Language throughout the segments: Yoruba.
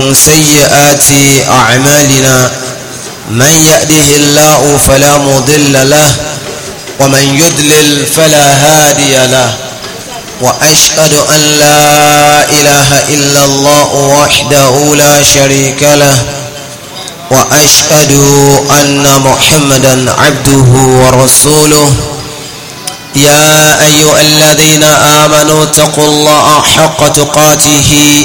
من سيئات أعمالنا من يأده الله فلا مضل له ومن يدلل فلا هادي له وأشهد أن لا إله إلا الله وحده لا شريك له وأشهد أن محمدا عبده ورسوله يا أيها الذين آمنوا اتقوا الله حق تقاته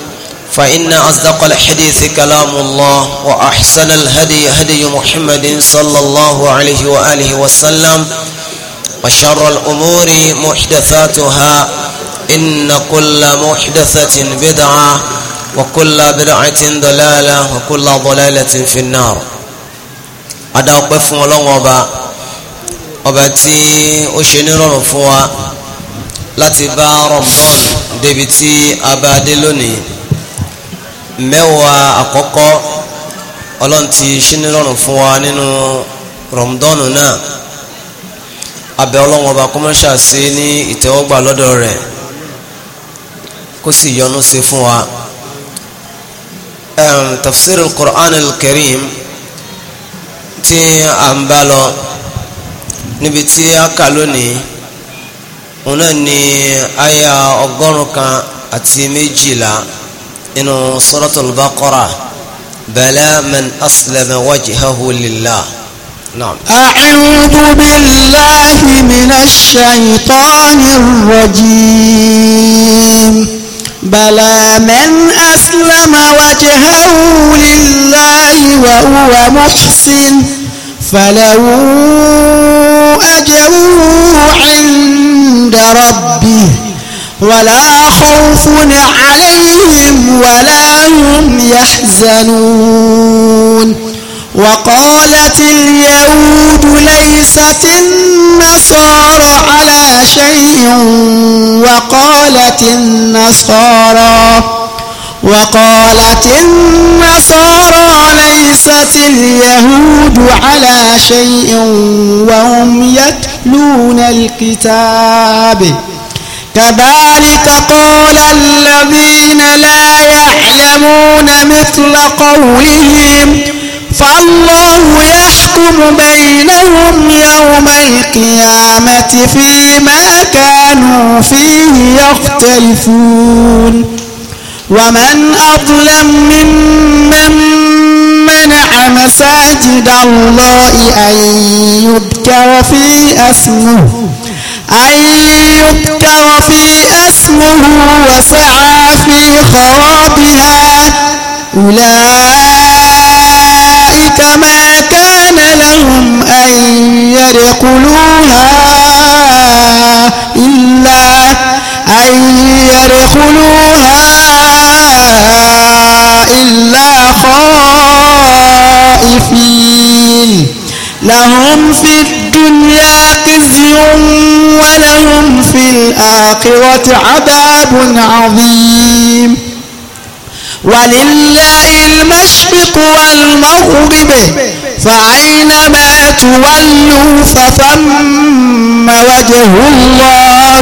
فإن أصدق الحديث كلام الله وأحسن الهدي هدي محمد صلى الله عليه وآله وسلم وشر الأمور محدثاتها إن كل محدثة بدعة وكل بدعة ضلالة وكل ضلالة في النار أدا أقف ولغبا وباتي أشنر رفوا لاتبا رمضان دبتي أبادلني mẹ́wàá àkọ́kọ́ ọlọ́run ti ṣínírọ̀rùn fún wa nínú rọ̀mùdọ́nù náà abẹ́ ọlọ́run ọba kọ́mọ́ṣà sí ní ìtẹ́wọ́gbà lọ́dọ̀ rẹ̀ kó sì yọ́nú sí fún wa tafsir quran al-Karim tí a ń bá lọ níbi tí a kà lónìí òun náà ni aya ọgọ́rùn kan àti méjìlá. إن سورة البقرة بلا من أسلم وجهه لله نعم أعوذ بالله من الشيطان الرجيم بلى من أسلم وجهه لله وهو محسن فله أجره عند ربه ولا خوف عليهم ولا هم يحزنون وقالت اليهود ليست النصارى على شيء وقالت النصارى وقالت النصارى ليست اليهود على شيء وهم يتلون الكتاب كذلك قال الذين لا يعلمون مثل قولهم فالله يحكم بينهم يوم القيامة فيما كانوا فيه يختلفون ومن أظلم ممن منع مساجد الله أن يذكر فيه اسمه أن يذكر في اسمه وسعى في خرابها أولئك ما كان لهم أن يدخلوها إلا أن يدخلوها إلا خائفين لهم في ولهم في الآخرة عذاب عظيم ولله المشرق والمغرب فأينما تولوا فثم وجه الله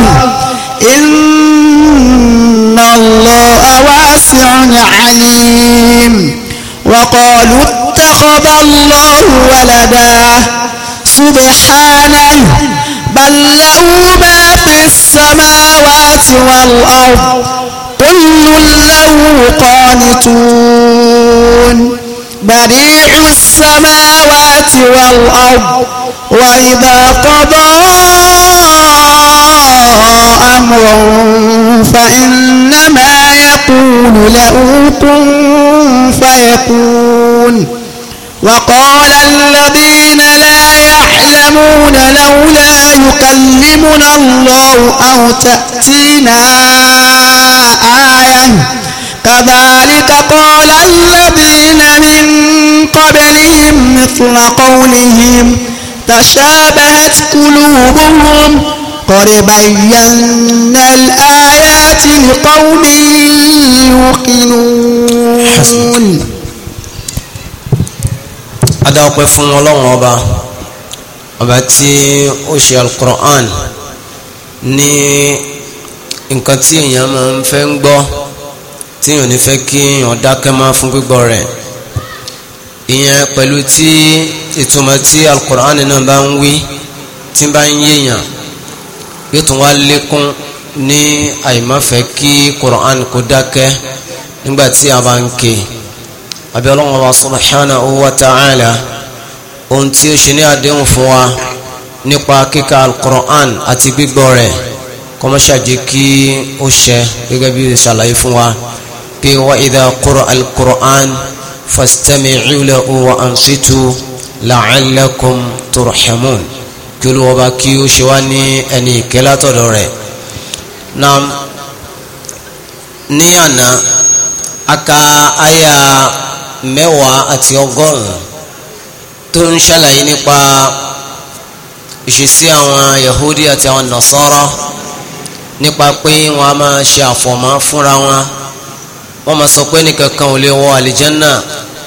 إن الله واسع عليم وقالوا اتخذ الله ولدا سبحانه بل له ما في السماوات والأرض كل له قانتون بديع السماوات والأرض وإذا قضى أمرا فإنما يقول له كن فيكون وقال الذين لا يعلمون لولا يكلمنا الله أو تأتينا آية كذلك قال الذين من قبلهم مثل قولهم تشابهت قلوبهم قد بينا الآيات لقوم يوقنون أدعوك فن الله ọba tí ó ṣe alukur'an ní nǹkan tí èèyàn máa ń fẹ́ ń gbọ́ tí èèyàn ní fẹ́ kí èèyàn dákẹ́ máa fún gbígbọ́ rẹ̀ ìyẹn pẹ̀lú tí ìtumọ̀ tí alukur'an náà bá ń wí tí bá ń yéèyàn yóò tún wá lékún ní àìmáfẹ́ kí kur'an kó dákẹ́ nígbà tí a bá ń ké abẹ́ ọlọ́run wa subhanahu wa ta'ala ohun tí ó ṣe ní àdéhùn fún wa nípa kíka alukur'an àti gbígbọ́ rẹ̀ kọ́mọ́ṣà jẹ́ kí ó ṣẹ gẹ́gẹ́ bí ìṣàlàyé fún wa pé wa idha qura alukur'an fastami'u lahu wa ansitu la'allakum turhamun kí olùwọ́ba kí ó ṣe wá ní ẹni ìkẹ́lá tọ̀dọ̀ na ní àná aka aya mẹ́wàá àti ọgọ́rùn tó ń ṣàlàyé nípa ìṣesí àwọn Yahudi àti àwọn Nasara nípa pé wọn a máa ṣe àfọ̀mọ́ fúnra wọn wọn máa sọ pé nìkankan ò lè wọ àlìjánná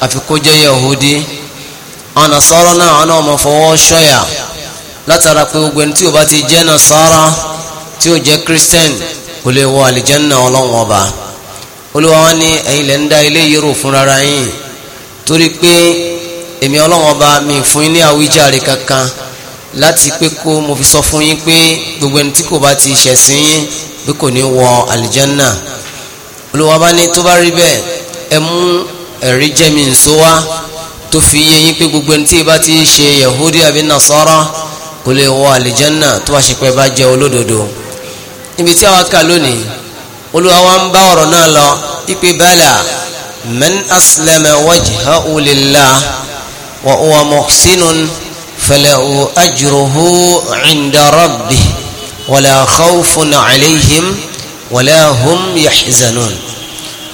àfi kó Yahudi àwọn Nasara náà wọn náà máa fọwọ́ sọ̀yà látara pé gbogbo ẹni tí ó bá ti jẹ́ Nasara tí ó jẹ́ Christian kò lè wọ àlìjánná ọlọ́wọ́n ọba olúwa wọn ní ẹ̀yin lẹ́ ilé yìí rò fúnra yín torí pé èmi ọlọ́run ọba mi fún yín ní àwíjàre kankan láti pé kó mo fi sọ fún yín pé gbogbo ẹni tí kò bá ti ṣẹ̀sìn yín bí kò ní wọ àlìjánà olùwà bá ní tó bá rí bẹ́ẹ̀ ẹ mú ẹ̀rí jẹ́mi nsó wá tó fi yé yín pé gbogbo ẹni tí ì bá ti ṣe yahudi àbí nasara kò lè wọ àlìjánà tó bá ṣe pé bá jẹ́ olódodo níbi tí a wá kà lónìí olùwà wa ń bá ọ̀rọ̀ náà lọ ipe bala man aslama wajhahu lillah. وهو محسن فله أجره عند ربه ولا خوف عليهم ولا هم يحزنون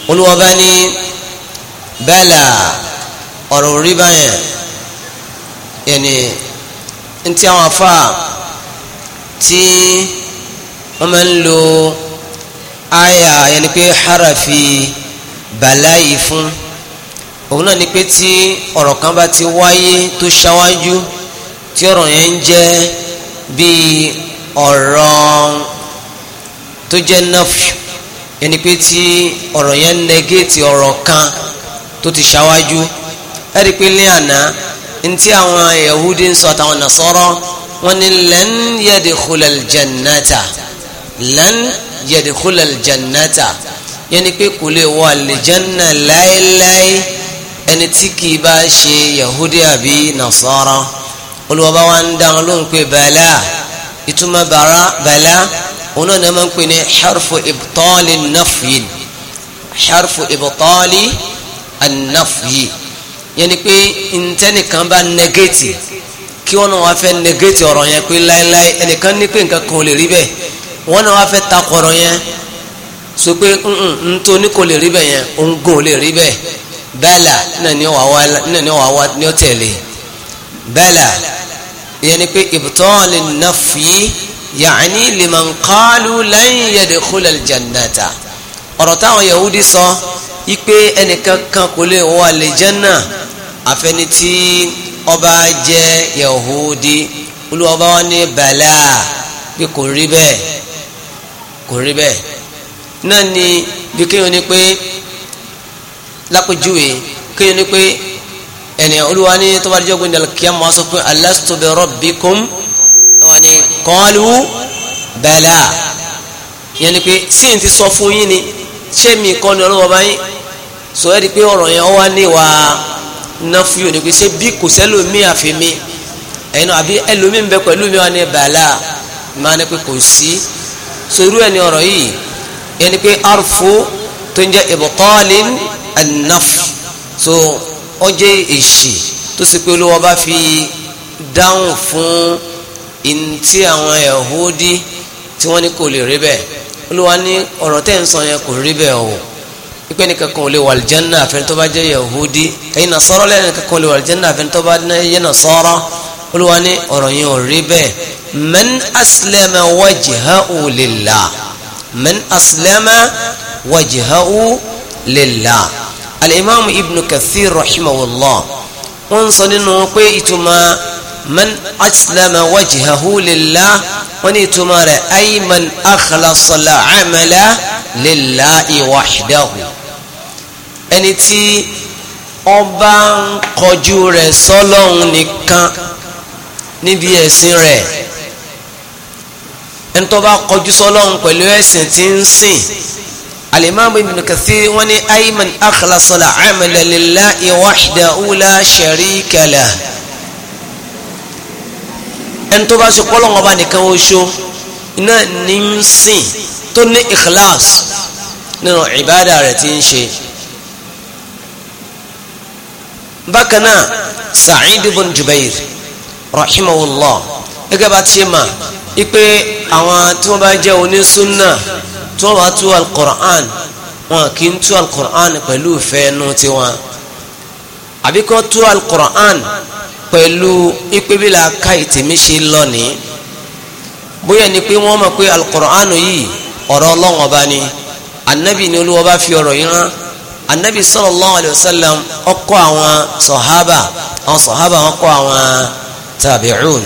قل وبني بلى ọ̀rọ̀ rí báyẹn yẹni ntí àwọn afa tí wọ́n máa ń lo aya yẹni pé harafi bàláyé fún òun náà ni pé tí ọ̀rọ̀ kan bá ti wáyé tó ṣáwájú tí ọ̀rọ̀ yẹn ń jẹ́ bíi ọ̀rọ̀ tó jẹ́ nọ́fù yẹn ni pé tí ọ̀rọ̀ yẹn ń nẹgẹ́tì ọ̀rọ̀ kan tó ti ṣáwájú ẹ rí i pé ní àná ntí àwọn Yahudi ń sọ àtàwọn Nasara wọn ni lan yadkhulal jannata lan yadkhulal jannata yẹn ni pé kò lè wọ àlìjánná láéláé ẹni tí kì í bá ṣe yahudi àbí nasara olùwàbá wa ń dáhùn ló ń pè bàlá ìtumọ̀ bàrá bàlá òun náà ni wọ́n ń pè ní xarfu ibtali nafyin xarfu ibtali anafyi yẹn ni pé ntẹnìkan bá nẹgẹ́tì kí wọn náà wá fẹ́ nẹgẹ́tì ọ̀rọ̀ yẹn pé láéláé ẹnìkan ní pé nǹkan kan ò lè rí bẹ́ẹ̀ wọn náà wá fẹ́ takọ̀rọ̀ yẹn so pé ntoni kò lè rí bẹ́ẹ̀ yẹn òun lè rí bẹ́ẹ̀ bala náà ni wàá wá náà ni wàá wá ni ó tẹ̀lé bala ìyẹn ni pé ibtali nafyi yaani liman qalu lan yadkhula aljannata ọ̀rọ̀ táwọn yahudi sọ ipe ẹnìkan kan kò lè wọ àlejànà àfẹni tí ọba jẹ yahudi olùwọba wọn ní bala pé kò rí bẹ́ẹ̀ kò rí bẹ́ẹ̀ náà ni bí kéwọn ni pé lápèjúwe kéèyàn ní pé ẹni olúwa ní tó bá dijọ́ gbé ní kíyámà sọ pé alastu bi rabbikum wọn ni qalu bala yẹn ni pé sí ti sọ fún yín ni ṣé mi kọ́ ni ọlọ́wọ́ bá yín sọ ẹ́ di pé ọ̀rọ̀ yẹn wá ní wà ná fún yóò ní pé ṣé bí kò sẹ́lòmí àfi mi ẹ̀yin àbí ẹlòmí ń bẹ pẹ̀lú mi wà ní bala máa ní pé kò sí sọ irú ẹni ọ̀rọ̀ yìí yẹn ni pé arfu tó ń jẹ́ ibtalin anaf so ọjẹ́ èsì tó sì pé olówó bá fi dáhùn fún ntí àwọn Yahudi tí wọ́n ní kò lè rí bẹ́ẹ̀ olúwa ní ọ̀rọ̀ tẹ́ ń sọ yẹn kò rí bẹ́ẹ̀ o ipe ni kankan ò lè wà aljanna àfẹn tó bá jẹ́ Yahudi ẹ̀yin Nasara lẹ́yìn kankan ò lè wà aljanna àfẹn tó bá jẹ́ Nasara olúwa ní ọ̀rọ̀ yẹn ò rí bẹ́ẹ̀ man aslama wajhahu lillah man aslama wajhahu lillah alimami ibn kathir rahimahullah wọn sọ nínú pé ìtumọ̀ man aslama wajhahu lillah wọn ni ìtumọ̀ rẹ̀ ay man akhlasala amala lillahi wahdahu ẹni tí ọba ń kọjú rẹ̀ sọ́lọ́hun nìkan níbi ẹ̀sìn rẹ̀ ẹni tó bá kọjú sọ́lọ́hun pẹ̀lú ẹ̀sìn tí ń sìn alimami ibn kathir wọ́n ní ayman akhlasala amala lillahi wahdahu la sharika lah ẹni tó bá ṣe kọ́lọ́n ọba nìkan oṣù iná ní ń sìn tó ní ikhlas nínú ìbáda rẹ̀ ti ń ṣe bákan náà sa'id ibn jubair rahimahullah gẹ́gẹ́ bá ti ṣe mà ipe àwọn tí wọ́n bá jẹ́ onísúnnà tí wọ́n bá tú alukur'an wọn kì í tú alukur'an pẹ̀lú ìfẹ́nu tiwọn àbí kí wọ́n tú alukur'an pẹ̀lú ìpébílà ká ìtìmí ṣe lónìí bóyá ni pé wọ́n mọ̀ pé alukur'an yìí ọ̀rọ̀ Ọlọ́run ọba ni anabi ni Olúwa bá fi ọ̀rọ̀ yìí rán anabi sallallahu alayhi wa àwọn sọ̀hábà àwọn sọ̀hábà wọn àwọn tabi'un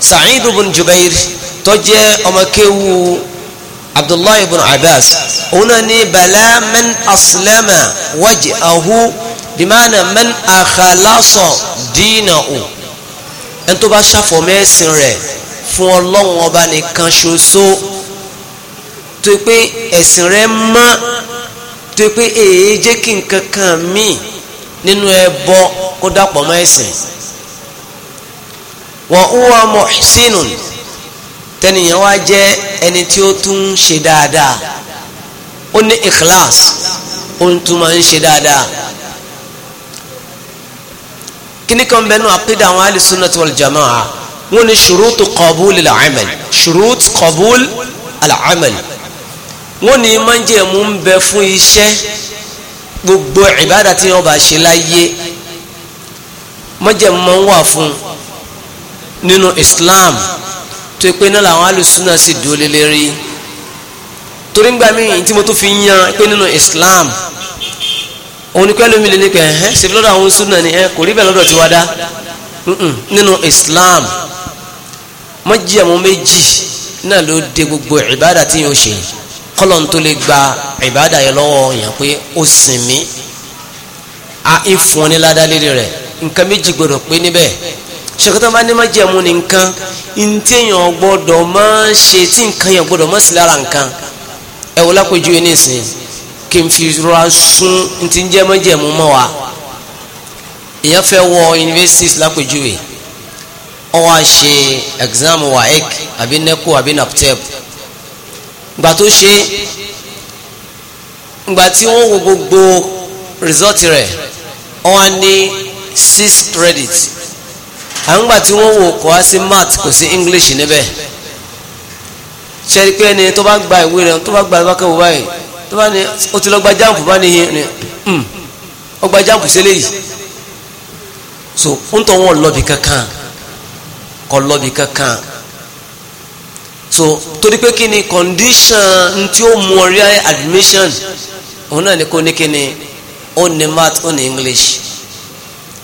Sa'id ibn Jubair tó abdullahi ibn abbas òun náà ní bala man aslama wajhahu bimana man akhalasa dinahu ẹni tó bá ṣàfọ̀mọ́ ẹ̀sìn rẹ̀ fún ọlọ́run ọba nìkan ṣoṣo tó pé ẹ̀sìn rẹ̀ mọ́ tó pé èyí jẹ́ kí nǹkan kan míì nínú ẹbọ kó dàpọ̀ mọ́ ẹ̀sìn wa huwa muhsinun tẹnìyàn wá jẹ́ ẹni tí ó tún ń ṣe dáadáa ó ní ikhlas ó ń tún máa ń ṣe dáadáa kíní kan bẹ́ẹ̀ nù àpédà àwọn al-sunnah wal jamaa wọ́n ní ṣùrùtù qabul al-amal ṣùrùtù qabul al-amal wọ́n ní májẹ̀mú ń bẹ fún iṣẹ́ gbogbo ìbádà tí wọ́n bá ṣe láyé májẹ̀mú máa ń wà fún nínú Islam. Islam tó pé náà làwọn alùsùnà sì dúró lé lérí torí ngbà míì tí mo tó fi yan pé nínú Islam òun ni pẹ́ẹ́lú mi lè ní pẹ́ ẹ́ ṣe lọ́dọ̀ àwọn sùnà ni ẹ kò rí bẹ́ẹ̀ lọ́dọ̀ tiwa dá nínú Islam mọ́jìyàmú méjì náà ló de gbogbo ìbáàdà tí yóò ṣe kọ́lọ́n tó lè gba ìbáàdà yẹn lọ́wọ́ yẹn pé ó sìn mí a ìfún ni ládàá lérí rẹ̀ nǹkan méjì gbọdọ̀ pé níbẹ̀ ṣèkọ́tà bá ní májẹ̀mú ní nǹkan ntí èèyàn gbọ́dọ̀ máa ń ṣe tí nǹkan yẹn gbọ́dọ̀ máa sì lára nǹkan ẹ wò lápèjú yẹn nísìnyí kí n fi rọra sún ntí ń jẹ́ májẹ̀mú mọ́ wa èèyàn fẹ́ wọ universities lápèjú yẹn ó wá ṣe exam waec àbí neco àbí naptep gbà tó ṣe gbà tí wọ́n wo gbogbo result rẹ̀ ó wá ní six credits àwọn gbà tí wọ́n wò kọ́ sí math kò sí english níbẹ̀ ṣẹ́rí pé ẹni tó bá gba ìwé rẹ̀ tó bá gba ìwé kẹwò báyìí tó bá ní o ti lọ gba jáàmù bá níyìn ni ọ hmm, gba jáàmù sílẹ̀ yìí so ń tọ́ wọn lọ́bì kankan kọ́ lọ́bì kankan so torí pé kí ni condition tí ó mú ọrí admission òun náà ni kò ní kí ni ó ní math ó ní english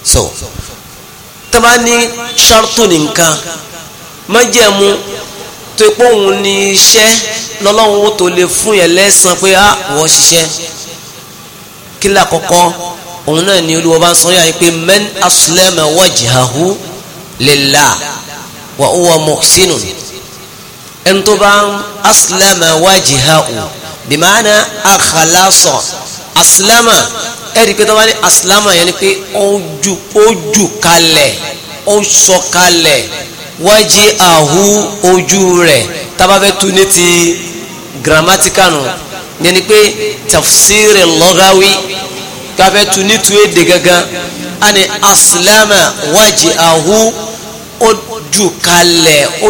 so. so tó bá ní ṣàrtù nìkan májẹ̀mú tó pé òun ní iṣẹ́ lọ́lọ́run ó tó lè fún yẹn lẹ́sàn pé á ah, wọ́n ṣiṣẹ́ kí lákọ̀ọ́kọ́ òun náà ni olúwa bá ń sọ yára pé man aslama wajhahu lillah wa huwa muhsinun ẹni tó bá ń aslama wajhahu bima'ana akhlasa aslama ẹ̀rí pé tọ́wá ní asilamu yẹn ni pé ó jù kalẹ̀ ó sọ kalẹ̀ wájí àhú ojú rẹ̀ tábà fẹ́ tu ní ti grammatical nù yẹn ni pé tafsiri lọ́gáwí tábà fẹ́ tu ní tu èdè gangan a asilamu wájí àhú ó kalẹ̀ ó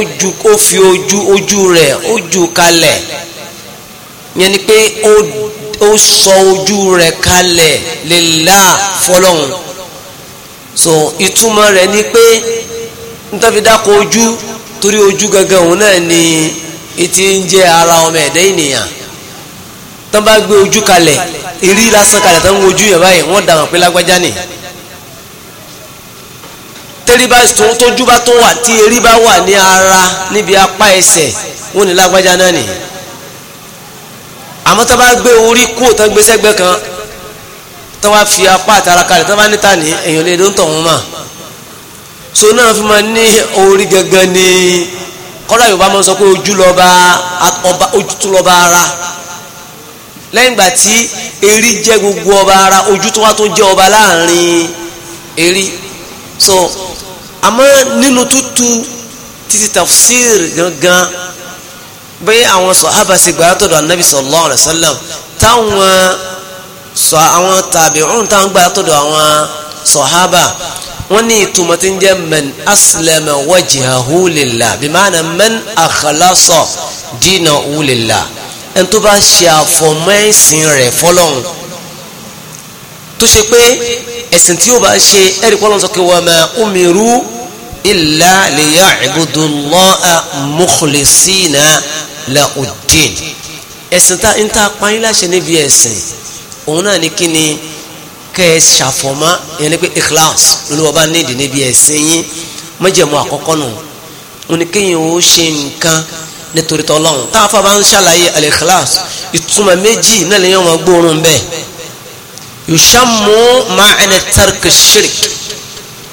jù ojú rẹ̀ ó kalẹ̀ yẹn ni pé ó ó sọ ojú rẹ̀ kalẹ̀ lillah fọlọ́hún so ìtumọ̀ rẹ̀ ni pé nítorí dákọ̀ ojú torí ojú gangan òun náà ni etí ń jẹ́ ara ọmọ ẹ̀dá ènìyàn tán bá gbé ojú kalẹ̀ eré lásán kalẹ̀ tán ń wojú yẹn báyìí wọ́n dàmọ̀ pé lágbájá nì tẹ́rí bá tún tójú bá tún wà tí eré bá wà ní ara níbi apá ẹsẹ̀ wọ́n ní lágbájá náà nìyí àmọ́ tó bá gbé orí kúrò tó gbé sẹ́gbẹ́ kan tó bá fi apá àtàrà kalẹ̀ tó bá níta ní èèyàn lè dó ń mà so náà fi máa ní orí gangan ni kọ́lá yorùbá máa ń sọ pé ojú lọ́ba ọba ojú tó lọ́ba ara lẹ́yìn ìgbà tí erí jẹ́ gbogbo ọba ara ojú tó wá tó jẹ́ ọba láàrin erí so àmọ́ nínú tútù títí tafsir gangan bí àwọn sọ̀hábà sì gbà látọ̀dọ̀ anabi sallallahu alaihi wasallam táwọn sọ àwọn tàbíùn táwọn gbà látọ̀dọ̀ àwọn sọ̀hábà wọ́n ní ìtumọ̀ tí ń jẹ́ man aslama wajhahu lillah bí maana man akhlasa dinahu lillah ẹni tó bá ṣe àfọ̀mọ́ rẹ̀ fọlọ́run tó ṣe pé ẹ̀sìn tí yóò bá ṣe ẹ̀rí fọlọ́run sọ pé wa ma umiru illa liya'budu Allaha mukhlisina lahu ddin ẹ̀sìn tá ń ta apáyín láṣẹ níbi ẹ̀sìn òun náà ní kí ni kẹ́ ẹ ṣàfọ̀mọ́ ìyẹn ní pé ikhlas lóluwọ́ bá nídìí níbi ẹ̀sìn yín májẹ̀mú àkọ́kọ́ nù wọn ni kéèyàn ó ṣe nǹkan nítorí tọ́lọ́run tá bá ń ṣàlàyé al-ikhlas ìtumọ̀ méjì náà lè yàn wọn gbóòórùn bẹ́ẹ̀ yushammu ma'na tarki shirk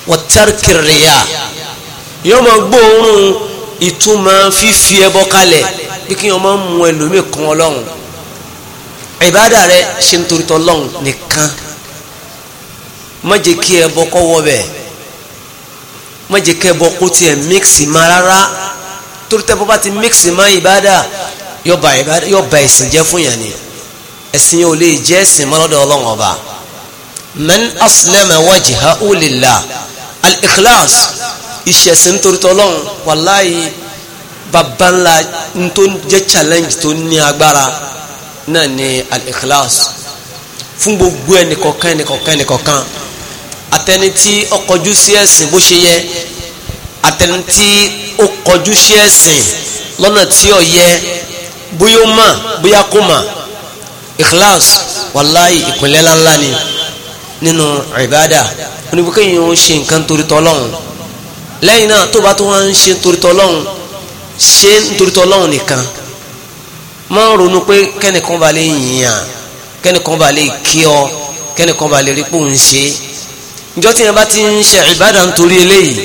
wa tarki riya' yóò máa gbóòórùn ìtumọ̀ fífi ẹbọ kalẹ̀ bí kí wọ́n máa mú ẹlòmíì kan ọlọ́run ìbádà rẹ ṣe ń torítọ́ ọlọ́run nìkan má jẹ́ kí ẹbọ kọ́ wọ bẹ́ẹ̀ má jẹ́ kí ẹbọ kó tiẹ̀ mixi má rárá torí tẹ́ bọ́ bá ti mixi má ìbádà yóò ba ẹ̀sìn jẹ́ fún yẹn ni ẹ̀sìn yóò lè jẹ́ ẹ̀sìn mọ́lọ́dọ̀ ọlọ́run ọba man aslama wajhahu lillah al-ikhlas ìṣẹ̀sìn nítorí tọ́lọ́run wàláyé bàbá ńlá tó jẹ́ challenge tó ní agbára náà ni al-ikhlas fún gbogbo ẹnìkọ̀kan ẹnìkọ̀kan ẹnìkọ̀kan atẹni tí ó kọjú sí ẹ̀sìn bó ṣe yẹ atẹni tí ó kọjú sí ẹ̀sìn lọ́nà tí ó yẹ bóyá ó mà bóyá kó mà ikhlas wàláyé ìpínlẹ̀ ńláńlá ni nínú ìbádà oníbùkún yìí ó ń ṣe nǹkan torí tọ́lọ́run lẹ́yìn náà tó bá tó wá ń ṣe nítorítọ́ ọlọ́run ṣe nítorítọ́ ọlọ́run nìkan máa ń ronú pé kẹ́nìkan bá lè yìnyàn kẹ́nìkan bá lè kí ọ kẹ́nìkan bá lè rí pò ń ṣe njọ́ tí yẹn bá ti ń ṣe ìbádà nítorí eléyìí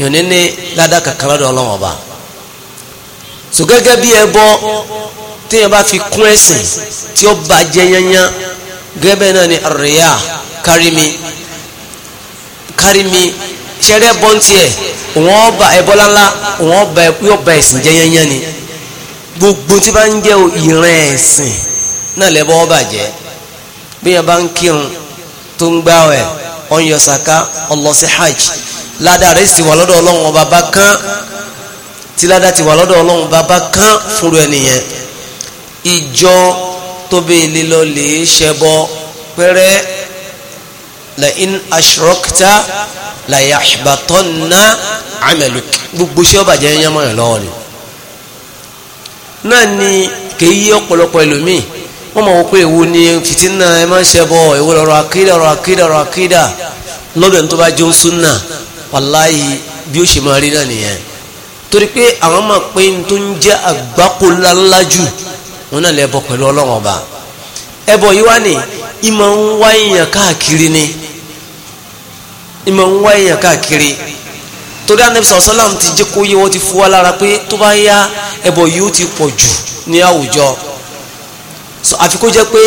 yóò ní ládàá kankan lọ́dọ̀ ọlọ́run ọba so gẹ́gẹ́ bí ẹbọ tí yẹn bá fi kún ẹ̀sìn tí ó bàjẹ́ yányán gẹ́gẹ́ bẹ́ẹ̀ náà ni àríyá kárí mi kárí mi ṣẹrẹ bọ́ ń tiẹ̀ òun ọba ẹbọlá ńlá òun ọba yóò ba ẹ̀sìn jẹ́ yẹnyẹn ni gbogbo tí bá ń jẹ́ ìran ẹ̀sìn náà lẹ́bọ̀ ọba jẹ́ bí yẹn bá ń kírun tó ń gbààwẹ̀ ọ̀n yọ sàká hajj ládàá rẹ̀ sì wà lọ́dọ̀ ọlọ́run ọba kán tí ládàá ti wà lọ́dọ̀ ọlọ́run ọba bá kán fúru ẹnìyẹn ìjọ tóbi lílọ lè ṣẹbọ pẹrẹ la in ashrokta la yahbatanna amaluk gbogbo ṣé ọba jẹ́ yẹn mọ̀yàn lọ́wọ́ ni. náà ni kèyí ọ̀pọ̀lọpọ̀ ẹlòmíì wọ́n mọ̀ wọ́n pé èwo ni fìtínà ẹ máa ń ṣe bọ̀ èwo lọ́rọ̀ akídà lọ́rọ̀ akídà lọ́rọ̀ akídà lọ́dọ̀ tó bá jẹun súnà wàláyé bí ó ṣe máa rí náà nìyẹn torí pé àwọn máa pé tó ń jẹ́ àgbákò ńláńlá jù wọn náà lè bọ̀ pẹ̀lú ọlọ́wọ́n ọba ẹbọ yìí wá ní ìmọ̀ ń wá èèyàn káàkiri ni ìmọ̀ ń wá èèyàn káàkiri torí anabi sọ̀sọ́làm ti jẹ́ kó yé wọ́n ti fún wa lára pé tó bá yá ẹbọ yóò ti pọ̀ jù ní àwùjọ àfi kó jẹ́ pé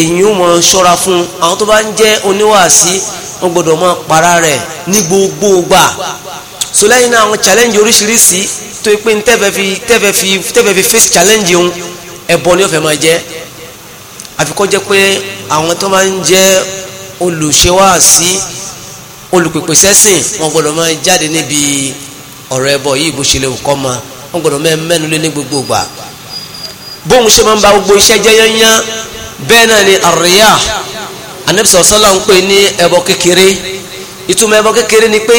èyí ò mọ̀ ṣọ́ra fún àwọn tó bá ń jẹ́ oníwàásí wọ́n gbọ́dọ̀ máa para rẹ̀ ní gbogbo gbà so lẹ́yìn náà àwọn challenge oríṣiríṣi tó pé tẹ́fẹ̀ fi tẹ́fẹ̀ fi tẹ́fẹ̀ fi face challenge òun ẹbọ ni ó fẹ́ máa jẹ́ àfi kó jẹ́ pé àwọn tó máa ń jẹ́ olùṣèwàásí olùpèpè sẹ́sìn wọn gbọ́dọ̀ máa jáde níbi ọ̀rọ̀ ẹbọ yìí bó ṣe lè kọ́ ma wọn gbọ́dọ̀ máa mẹ́nu lé ní gbogbo gbà bóun ṣe máa ń ba gbogbo iṣẹ́ jẹ́ yányán bẹ́ẹ̀ náà ni àríyá anabisa ọ̀sánlá ń pè ní ẹbọ kékeré ìtumọ̀ ẹbọ kékeré ni pé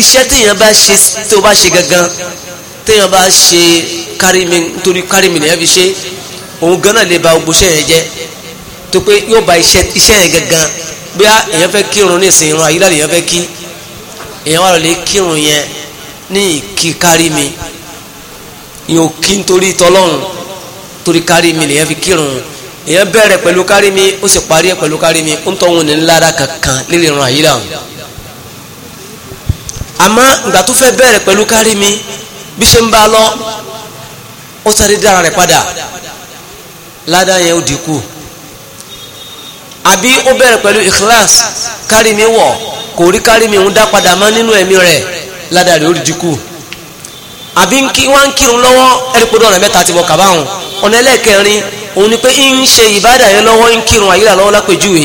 iṣẹ́ téèyàn bá ṣe tó bá ṣe gangan téèyàn bá ṣe kárìmì nítorí kárìmì nìyẹn fi ṣe òun gan náà lè ba gbogbo iṣẹ́ yẹn jẹ́ bí èèyàn fẹ́ kírun ní ìsìn irun àyílá lèèyàn fẹ́ kí èèyàn wà lọ́lẹ̀ kírun yẹn ní ìkí kárí mi ìyẹn ò kí nítorí tọ́lọ́run torí kárí mi lèèyàn fi kírun èèyàn bẹ̀rẹ̀ pẹ̀lú kárí mi ó sì parí ẹ̀ pẹ̀lú kárí mi ó ń tọ́wọ́n ní ńlára kankan lílẹ̀ irun àyílá ọ̀hún àmọ́ ìgbà tó fẹ́ bẹ̀rẹ̀ pẹ̀lú kárí mi bí ṣe ń bá lọ ó sáré dára rẹ̀ padà ládàá yẹn ó dínkù àbí ó bẹ̀rẹ̀ pẹ̀lú ikhlas kárí mi wọ̀ kò rí kárí mi ń dá padà mọ́ nínú ẹ̀mí rẹ̀ ládàrí orí dínkù àbí wọ́n ń kírun lọ́wọ́ ẹ̀rípodò ọ̀nà mẹ́ta ti wọ̀ kàbáhùn ọ̀nà ẹlẹ́ẹ̀kẹrin òun ni pé ń ṣe ìbádà yẹn lọ́wọ́ ń kírun àyílà lọ́wọ́ lápèjúwe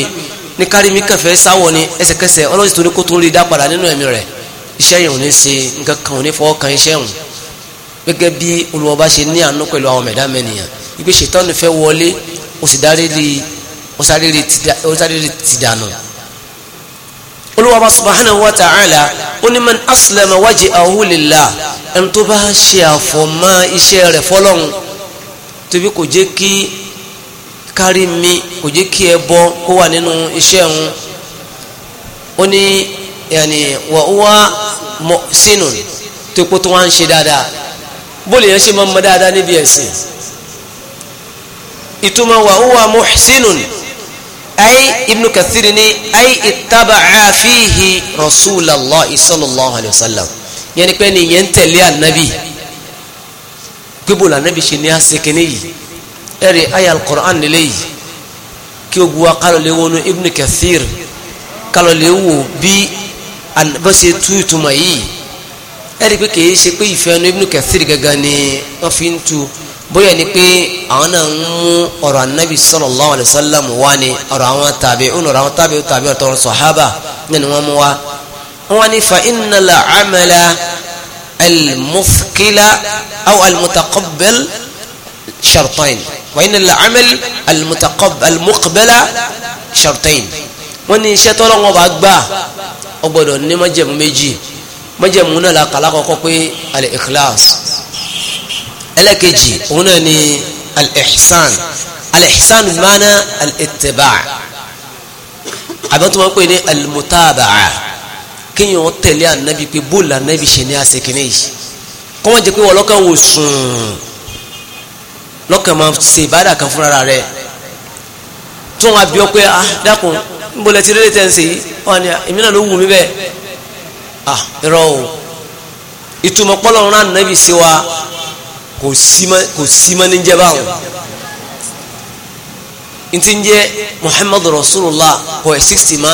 ní kárí mi kẹfẹ́ sáwọ̀ ni ẹsẹ̀kẹsẹ̀ ọlọ́sìn tó ní kó tó rí dá padà nínú ẹ̀mí rẹ̀ iṣẹ́ yìí ò ó sáré rí ti dànù. olúwa subhanahu wa ta'ala ó ní man aslama wajhahu lillah ẹni tó bá ṣe àfọ̀mọ́ iṣẹ́ rẹ̀ fọlọ́run tóbi kò jẹ́ kí kárí mi kò jẹ́ kí ẹ bọ́ kó wà nínú iṣẹ́ òun ó yàní wà ó wá sínú tó kó tó wá ń ṣe dáadáa bóòlù yẹn ṣe máa ń mọ dáadáa níbi ẹ̀sìn ìtumọ̀ wà ó wá muhsinun ay ibnu kathiri ni ay ittaba'a fihi rasulallah sallallahu alayhi wa sallam yẹni pé ni yẹn tẹ̀lé anabi gbígbó la anabi ṣe ní asekene yìí ẹ̀rì ayé alukur'an lele yìí kí o bu wa kálọ̀ lé wọnú ibnu kathir kálọ̀ lé wò bí bó ṣe tú ìtumọ̀ yìí ẹ̀rì pé kìí ṣe pé ìfẹ́ nu ibnu kathir gẹ́gẹ́ ni wọ́n fi ń tu. bóyá ni pé àwọn náà ń mú ọ̀rọ̀ anabi sallallahu alayhi wa sallam wá ni ọ̀rọ̀ àwọn tabi'un ọ̀rọ̀ àwọn tabi'un tabi'un ọ̀rọ̀ tọ̀rọ̀ sọ̀hábà ní wọ́n mú wá. wọ́n ní fa innal amala al-mufkila aw al-mutaqabbal shartain wa innal amal al-muqbala shartain. wọ́n ní iṣẹ́ tọ́lọ́ wọn bá gbà ó gbọ́dọ̀ ní májẹ̀mú méjì májẹ̀mú náà la kàlákọ̀ọ́kọ́ pé al-ikhlas ẹlẹ́kejì òun náà ni al-ihsan al-ihsan mana al-ittiba' àbẹ̀tò wọn pè ní al-mutaba'a kéèyàn tẹ̀lé ànábi pé bóòlù ànábi ṣe ní àṣekínní yìí kọ́ wọ́n jẹ́ pé wọ́n lọ́kàn wò sùn lọ́kàn máa ṣe ìbádà kan fúnra rẹ̀ tí wọ́n á bí ọ pé ah dákun níbo lẹ ti rí lẹ́tẹ̀ ń ṣe yìí wọ́n ní èmi náà ló wù mí bẹ́ẹ̀ ah irọ́ o ìtumọ̀ pọ́lọ́run náà nàbì sí wa kò sí mọ́ ní jẹ́ báwọn n ti jẹ́ muhammadu rasulullah kò ẹ̀ sixty ma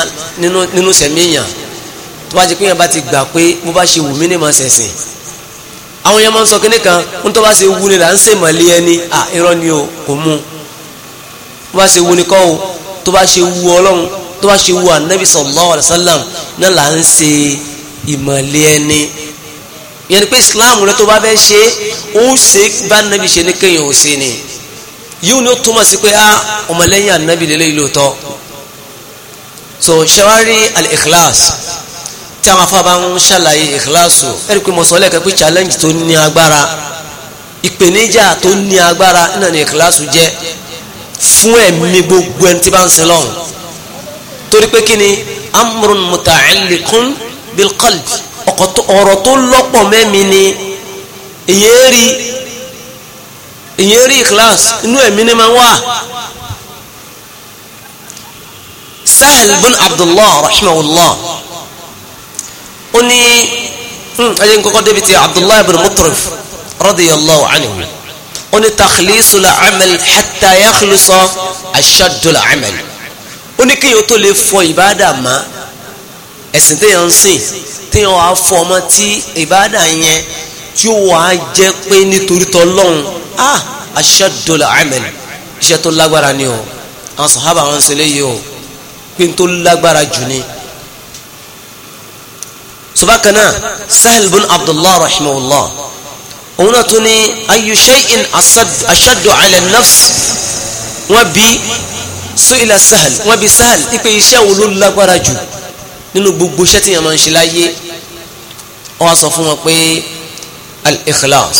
nínú sẹ̀míyàn tó bá jẹ́ pé yẹn bá ti gbà pé mo bá ṣe wù mí ní ma ṣẹ̀sìn àwọn yẹn máa ń sọ kínní kan ń tó bá ṣe wù ni là ń ṣe mọ̀lẹ́ ẹni à irọ́ ni o kò mú tó bá ṣe wù ni kọ́ o tó bá ṣe wù ọlọ́run tó bá ṣe wù anabi sallallahu alayhi wa sallam náà là ń ṣe ìmọ̀lẹ́ ẹni yẹn ni pé islam rẹ tó bá fẹ́ ṣe ó ṣe bá nàbì ṣe ni kéèyàn ò ṣe ni yíò ni ó túmọ̀ sí pé ah ọmọlẹ́yìn ànábì lélẹ́yìn lóòótọ́ so ṣẹwárí al-ikhlas tí àwọn afábá ń ṣàlàyé ìkíláàsù ẹ̀rí pé mọ̀sán lẹ́ẹ̀kan challenge tó ní agbára ìpèníjà tó ní agbára náà ní ìkíláàsù jẹ́ fún ẹ̀mí gbogbo ẹni tí bá ń sin lọ́hùn torí pé kí ni amrun muta'alliqun bil ọ̀rọ̀ tó lọ́pọ̀ mẹ́mi ni ìyẹn rí ìyẹn rí class inú ẹ̀mí ni máa wà. Sahel bin Abdullah rahimahullah ó ní hmm, ẹ̀yìn kọ́kọ́ débi ti Abdullah bin Mutrif radiyallahu anhu ó ní takhlisu la amal hatta yakhlisa ashaddu la amal ó ní kéèyàn tó lè fọ ìbáàdà má ẹ̀sìn téèyàn ń sìn téèyàn wàá fọ ọmọ tí ìbáàdà yẹn tí ó wàá jẹ́ pé nítorí tọ́lọ́hún ah ashadul amal iṣẹ́ tó lágbára ni o àwọn sàhábà wọn ṣe léyìí o pé n tó lágbára jù ni. subakana sahel bin abdullah rahimahullah òun náà tún ní ayu shay'in nafs wọn bí su'ila sahel wọn bí sahel ipe iṣẹ́ wo ló lágbára jù nínú gbogbo iṣẹ́ tí yẹn ń ṣe láyé wọ́n sọ fún wọn pé al-ikhlas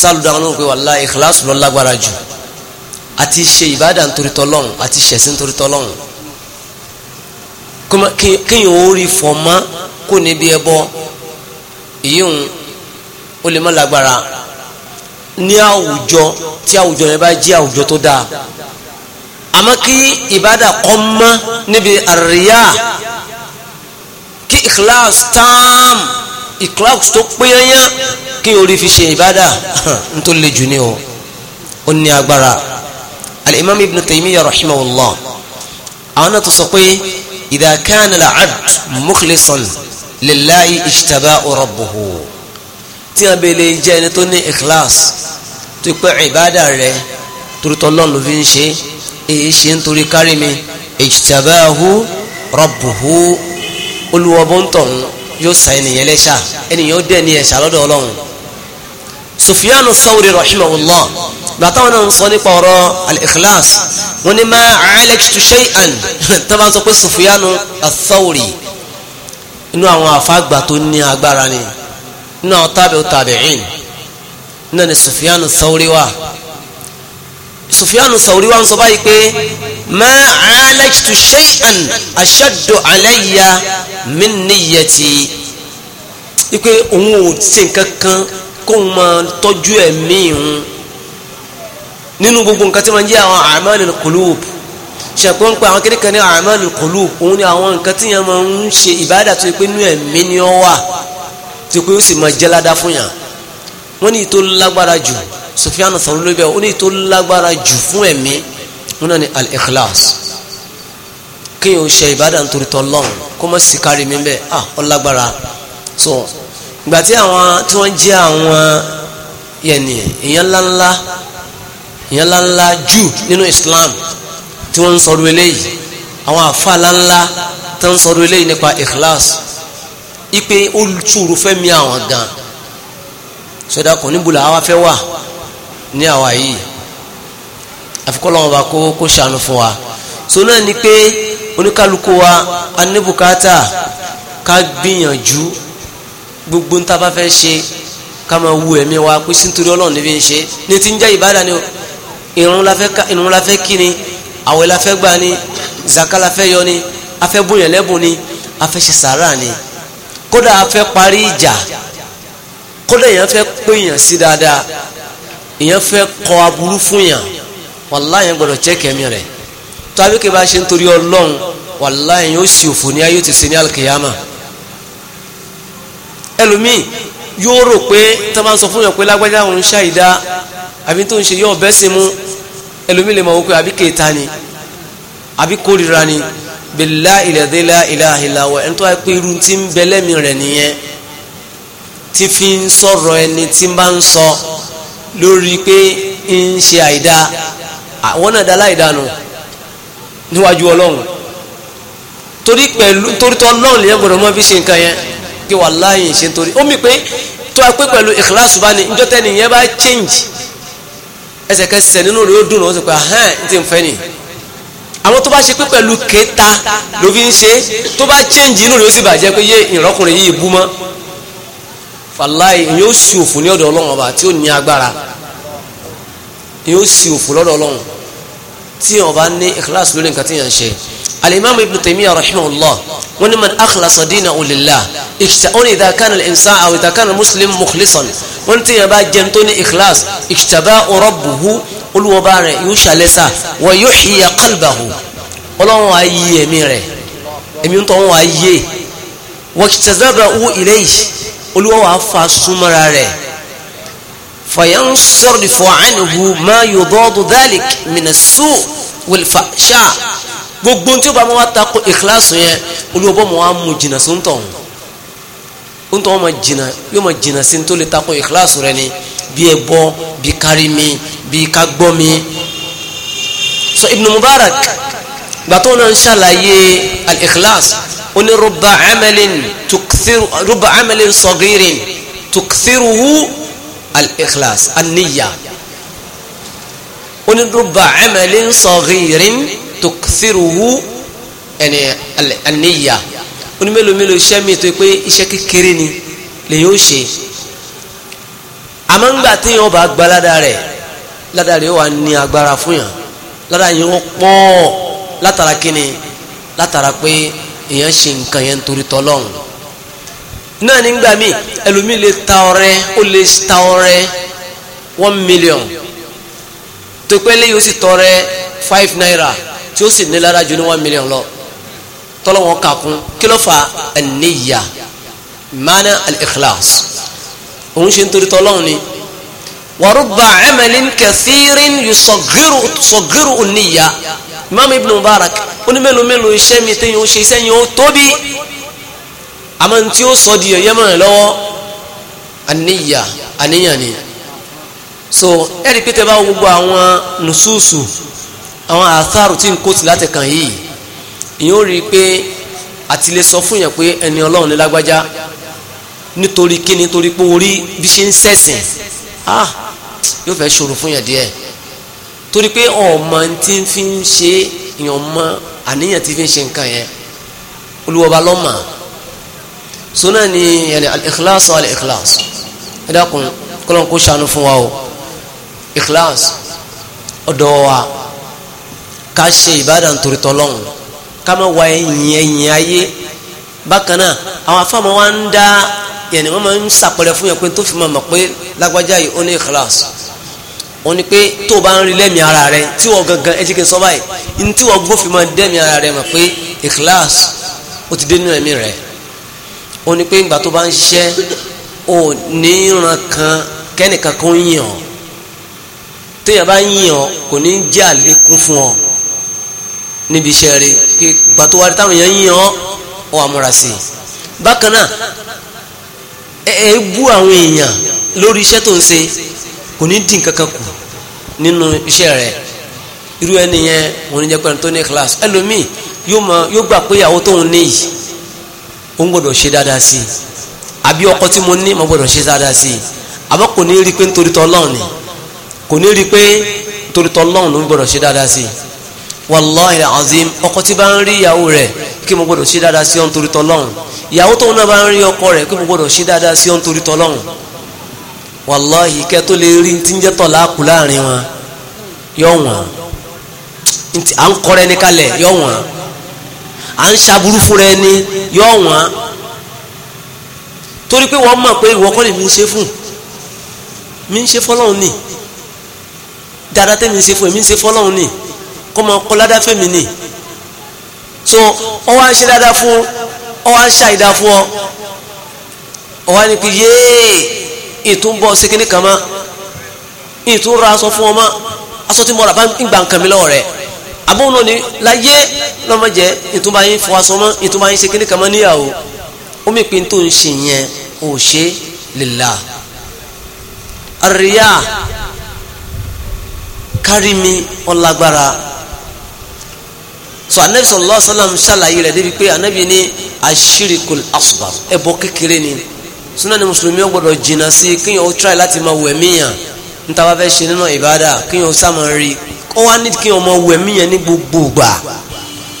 sálùdà wọn pé wàllá ikhlas ló lágbára jù àti ṣe ìbádà nítorí tọ́lọ́hún àti ṣẹ̀sìn nítorí tọ́lọ́hún kéèyàn ó rí fọ̀mọ́ kó níbi ẹbọ ìyíhun ó lè má lágbára ní àwùjọ tí àwùjọ yẹn bá jẹ́ àwùjọ tó dáa àmọ́ kí ìbádà kọ́ mọ́ níbi àríyá ikhlas tam ikhlas tó péyányá kí orí fi ṣe ìbádà n tó le jù ní o ó ní agbára al-imam ibn taymiyyah rahimahullah àwọn náà tó sọ pé idha kana al-abd mukhlisan lillahi ijtaba'u rabbuhu tí a bẹ lè jẹ́ ẹni tó ní ikhlas tó pé ìbádà rẹ̀ torítọ́ lọ́n fi ń ṣe èyí ṣe ń torí kárí mi ijtabahu rabbuhu olùwọ́bọ̀ ń tọ̀hún yóò sa ènìyàn lẹ́ṣà ènìyàn dẹ̀ ní ẹ̀ṣà lọ́dọ̀ ọlọ́run sufiyanu sawuri rahimahullah bàtà wọn náà sọ nípa ọ̀rọ̀ al-ikhlas wọn ni ma alektu shay'an tó bá sọ pé sufiyanu sawuri inú àwọn àfáàgbà tó ní agbára ni inú àwọn tabi'u tabi'in náà ni sufiyanu sawuri wa Sufyanu Thawri wa ń sọ báyìí pé ma alajtu shay'an ashaddu alayya min niyyati ipe òun ò ṣe nǹkan kan kóun máa tọ́jú ẹ̀mí òun nínú gbogbo nǹkan tí wọ́n jẹ́ àwọn a'malul qulub ṣẹ̀kọ́ ń pa àwọn kékeré kan ní a'malul qulub òun ni àwọn nǹkan tí yẹn máa ń ṣe ìbádà tó pé inú ẹ̀mí ni ó wà tó pé ó sì máa jẹ́ fún yàn wọ́n ní ìtò lágbára jù Sufyan Thawri ló bẹ ó ní tó lágbára jù fún ẹ̀mí wọn náà ni al-ikhlas kéèyàn ṣe ìbádà nítorí tọ́lọ́run kó mọ̀ mi bẹ́ẹ̀ ah ó lágbára so ìgbà tí àwọn tí wọ́n jẹ́ àwọn yẹnì èèyàn ńláńlá èèyàn ńláńlá jù nínú Islam tí wọ́n ń sọ̀rọ̀ eléyìí àwọn àfa ńláńlá tó ń eléyìí nípa ikhlas ipe olùtúrù fẹ́ mi àwọn gan sọdá kò níbo làwọn afẹ́ wà. So, ní àwa yìí àfikún lọ́wọ́ bá kó kó ṣàánú fún wa so náà ni pé oníkálukú wa anibukata ká gbìyànjú gbogbo ń tábà fẹ́ ṣe ká máa wu ẹ̀mí wa pé síntúrí ọlọ́run níbi ń ṣe ní ti ń jẹ́ ìbádà ni ìrun la fẹ́ kí ni àwẹ̀ la fẹ́ gbà ni zaka la fẹ́ yọ ni afẹ́ bóyàn lẹ́bùn ni afẹ́ ṣe sàárà ni kódà afẹ́ parí ìjà kódà èèyàn fẹ́ pèèyàn sí dáadáa èèyàn fẹ́ kọ aburú fún yàn wàláhì yẹn gbọ́dọ̀ jẹ́ kẹ́mi rẹ̀ tó a bí kí n bá ṣe nítorí ọlọ́run wàláhì yẹn ó sì òfò ní ayé ti ṣe ní alkiyama ẹlòmíì yóò rò pé tó bá ń sọ fún yàn pé lágbájá òun ṣàìdá àbí tó ń ṣe yóò bẹ́ sí mu ẹlòmíì lè mọ̀ wọ́n pé àbí kẹta ni àbí kórìíra ni bẹ̀lá ìlẹ̀dẹ́lá ìlàhìláwọ̀ ẹni tó wáyé pé irú ti ń bẹ rẹ̀ nìyẹn ti fi ń sọ̀rọ̀ ẹni tí ń ń sọ. So lórí pé ń ṣe àìda àwọn náà dá láìdánu níwájú ọlọ́run torí pẹ̀lú torí tọ́ náà lèyàn gbọ́dọ̀ mọ́ fi ṣe nǹkan yẹn kí wallahi ṣe torí ó mì pé tó wá pé pẹ̀lú ìkìláàsù bá ní njọ́ tẹ́ni yẹn bá change ẹsẹ̀kẹsẹ̀ nínú rẹ̀ ó dùn ó sì pé hàn tí ń fẹ́ ni àwọn tó bá ṣe pé pẹ̀lú kẹta ló fi ń ṣe tó bá change inú rẹ̀ ó sì bàjẹ́ pé yé ìrọ́kùnrin yìí bú mọ́ wàláì yóò sì òfò ní ọ̀dọ̀ ọlọ́run ọba tí ó ní agbára yóò sì òfò lọ́dọ̀ ọlọ́run tí yàn bá ní ikhlas lórí nǹkan tí yàn ń ṣe alimami ibn taymiya rahimahullah wọn ni man akhlasa dina olila ikita oni idha kana al-insan aw muslim mukhlisan wọn ti yàn bá jẹun tó ikitaba rabbuhu olùwọ́ba rẹ̀ yóò wa yuhya qalbahu ọlọ́run á yí ẹ̀mí rẹ̀ ẹ̀mí tó ń wá yé wọ́n kìtàzábà olúwa wàá fa súnmọ́ra rẹ̀ fàyàn sọ̀rọ̀dìfọ̀ àìníhu máa yóò dọ́ọ̀dù dálì mìnàṣó wìlfà ṣáà gbogbo tí ó bá máa tako ìkíláàsù yẹn olúwa bọ́ mọ́ wá mú jìnnà sí ń tọ̀hún ń tọ́ ma jìnnà yóò ma jìnnà sí tó lè takò ìkíláàsù rẹ ni bí ẹ bọ́ bí kárí mi bí ká gbọ́ mi. sọ Ibn Mubarak gbàtọ́ náà ń ṣàlàyé al-ikhlas ó ní rúbà amalin tuksiru rúbà amalin sọ̀gìrìn tuksiruhu al-ikhlas aniya ó ní rúbà amalin sọ̀gìrìn tuksiruhu ẹni aniya ó ní mélòó mélòó iṣẹ́ mi tó yẹ pé iṣẹ́ kékeré ni lèyìn ó ṣe àmọ́ ńgbà tí yẹn bá gba ládà rẹ̀ ládà rẹ̀ wà ní agbára fún yàn ládà yẹn ó pọ̀ látara kíni látara pé èèyàn ṣe nǹkan yẹn nítorí tọ́lọ́hún náà nígbà míì ẹlòmíì lè ta ọrẹ ó lè ta ọrẹ one million tó pẹ́ lẹ́yìn ó sì tọrẹ five naira tí ó sì ní lára ju ní one million lọ tọ́lọ́wọ́n kàkún kí ló mana al-ikhlas òun ṣe nítorí tọ́lọ́hún ni wa rubba amalin kathirin yusaghiru yusaghiru imam ibn mubarak ó ní mélòó mélòó iṣẹ́ mi téyàn ó ṣe iṣẹ́ yẹn ó tóbi àmọ́ tí ó sọ di ẹ̀yẹ́ mọ̀ràn lọ́wọ́ àníyà àníyàn ni so ẹ̀rí pété bá gbogbo àwọn nùsùsù àwọn àtàrù tí n kó ti láti kàn yìí ìyẹn ó rí i pé àti lè sọ fún yẹn pé ẹni ọlọ́run ní lágbájá nítorí kí nítorí pé orí bí ṣe ń sẹ̀sìn ah yóò fẹ́ ṣòro fún yẹn díẹ̀ torí pé ọmọ tí ń fi ń ṣe èèyàn mọ àníyàn tí fi ń ṣe nǹkan yẹn olùwọba lọ́mà so ni al-ikhlas al-ikhlas ẹ dákun kọ́lọ́n kó ṣàánú fún wa o ikhlas ọ̀dọ̀ wa ká ṣe ìbádàn torí tọ́lọ́hún ká má wá ẹ̀yìn ẹ̀yìn ayé bákan náà àwọn afáàmọ́ wa ń dá yẹn ni wọ́n máa ń ṣàpẹẹrẹ fún yẹn pé tó fi máa mọ̀ pé lágbájá yìí ó ní ikhlas wọn ni pé tó o bá ń rí lẹ́mìí ara rẹ tí wọ́n gangan ẹ ti kí n sọ báyìí ní tí wọ́n gbófin máa dẹ́mìí ara rẹ mọ̀ pé ikhlas ó ti dé nínú ẹ̀mí rẹ wọn ni pé ìgbà tó bá ń ṣiṣẹ́ ò ní ran kan kẹ́nìkan kan ń yàn téèyàn bá ń yàn kò ní jẹ́ àlékún fún ọ níbi iṣẹ́ rẹ kí ìgbà tó wá táwọn èèyàn yàn ọ àmúra sí i bákan náà ẹ bú àwọn èèyàn lórí iṣẹ́ tó ń ṣe kò ní dín kankan kù nínú iṣẹ́ rẹ̀ irú ẹni yẹn wọn ní jẹ́ pẹ́ni tó ní kíláàsì ẹlòmíì yóò mọ yóò gbà pé ìyàwó tóun ní yìí òun gbọ́dọ̀ ṣe dáadáa sí i àbí ọkọ tí mo ní mo gbọ́dọ̀ ṣe dáadáa sí i àmọ́ kò ní rí i pé nítorí tọ́lọ́run ni kò ní rí i pé nítorí tọ́lọ́run ló ń gbọ́dọ̀ ṣe dáadáa sí i wàláhì azim ọkọ tí bá ń rí ìyàwó rẹ̀ kí mo gbọ́dọ̀ ṣe dáadáa sí ọ nítorí tọ́lọ́run ìyàwó tóun náà bá ń rí ọkọ rẹ̀ kí mo gbọ́dọ̀ ṣe dáadáa sí ọ nítorí tọ́lọ́run wàláhì kẹ́ tó lè rí ti ń jẹ́ tọ̀láàkù láàrin wọn yọ̀ wọ́n à ń kọ́rẹ́ ní kalẹ̀ yọ̀ wọ́n à ń ṣaburú fúnra ẹni yọ̀ wọ́n torí pé wọ́n mọ̀ pé ìwọ kọ́ lè mi ń ṣe fún mi ń ṣe fọ́lọ́run ni dáadáa tẹ́mi ń ṣe fún mi ń ṣe fọ́lọ́run ni kọ́ mọ kọ́ ládàá fẹ́mi ni so ọ wá ń ṣe dáadáa fún ọ wá ń ṣàìdá fún ọ ọ wá ní pé yéé ìtúnbọ̀ sí kíní kan mọ́ ìtúnra aṣọ fún ọmọ aṣọ tí mo rà bá ń gbà nǹkan mi lọ́wọ́ rẹ̀ àbóhùn náà ni láyé lọ́mọdé ìtúnbà yín fọ aṣọ mọ́ ìtúnbà yín ṣe kíní kan mọ́ níyàwó omi pin tó ń ṣe yẹn ò ṣe lillah àríyá kárí mi ọlágbára so anabi sallallahu alaihi wasallam ṣàlàyé rẹ̀ débi pé anabi ní ashirikul asghar ẹbọ kékeré ni súnà ni mùsùlùmí ó gbọ́dọ̀ jìnnà sí i kéèyàn ó try láti máa wẹ̀ míyàn níta bá fẹ́ ṣe nínú ìbádà kéèyàn ó sáàmù rí ó wá ní kéèyàn máa wẹ̀ míyàn ní gbogbo ìgbà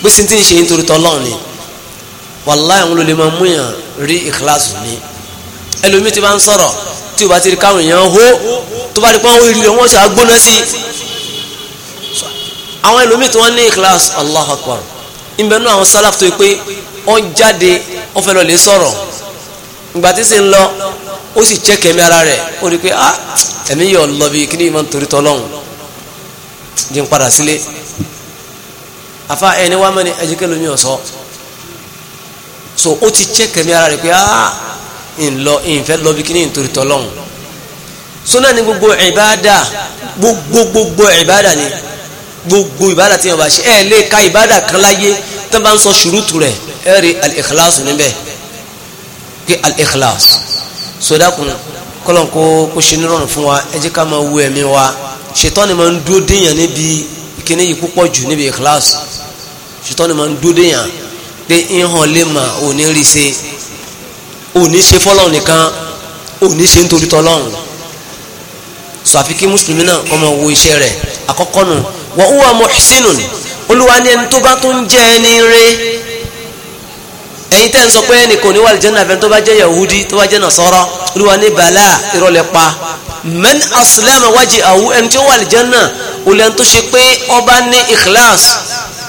bí sin ti ń ṣe nítorí tọ́lọ́run ni wàláì àwọn olè máa múyàn rí ìkíláàsì ni ẹlòmíì ti bá ń sọ̀rọ̀ tí o bá ti rí káwọn èèyàn hó tó bá rí pọ́n orí rẹ̀ wọ́n ṣe àgbóná sí i àwọn ẹlòmíì tí wọ́n ní ìkíláàsì Allahu Akbar ìbẹ̀nú àwọn sálàf tó yẹ pé wọ́n jáde wọ́n fẹ́ lọ lè sọ̀rọ̀ ìgbà tí sì ń lọ ó sì jẹ́ kẹ̀mí ara rẹ̀ ó rí i pé ah ẹ̀mí yọ̀ lọ bí kí ni ìmọ̀ nítorí tọ́lọ́hún jí ń padà sílé àfa ẹni wá mẹ́ni ẹ̀jẹ̀ kẹ́lẹ́ mi ò so ó ti jẹ́ kẹ̀mí ara rẹ̀ pé ah ńlọ ìfẹ́ lọ bí kí ni nítorí tọ́lọ́hún so náà ni gbogbo ìbáàdà gbogbo gbogbo ìbáàdà ni gbogbo ìbáàdà tí wọn bá ṣe ẹ̀ lè ka ìbáàdà kan láyé tí wọn bá ń sọ ṣùrùtù rẹ̀ ẹ̀ rí al-ikhlasu pé al-ikhlas sodakun kọlọ́n kó kó ṣe nírọ̀rùn fún wa ẹ jẹ́ ká máa wú ẹ̀mí wa ṣètánì máa ń dúró déyàn níbi kíní yìí púpọ̀ jù níbi ikhlas ṣètánì máa ń dúró déyàn pé ìhàn lè mà ò ní rí ṣe ò ní ṣe fọlọ́run nìkan ò ṣe nítorí tọlọ́run sọ àfi kí mùsùlùmí náà kọ́ máa wo iṣẹ́ rẹ̀ àkọ́kọ́ nù wa huwa muhsinun olúwa ni ẹni tó bá tó jẹ́ ẹni rẹ̀ ẹ̀yin tẹ́ ń sọ pé ẹnìkan ní wàlìjẹ́ náà fẹ́ẹ́ tó bá jẹ́ yahudi tó bá jẹ́ nasara olúwa ní bàálà ìrọ̀lẹ́ pa man aslama wajhahu ẹni tí ó wàlìjẹ́ náà olùyẹn tó ṣe pé ọba ní ikhlas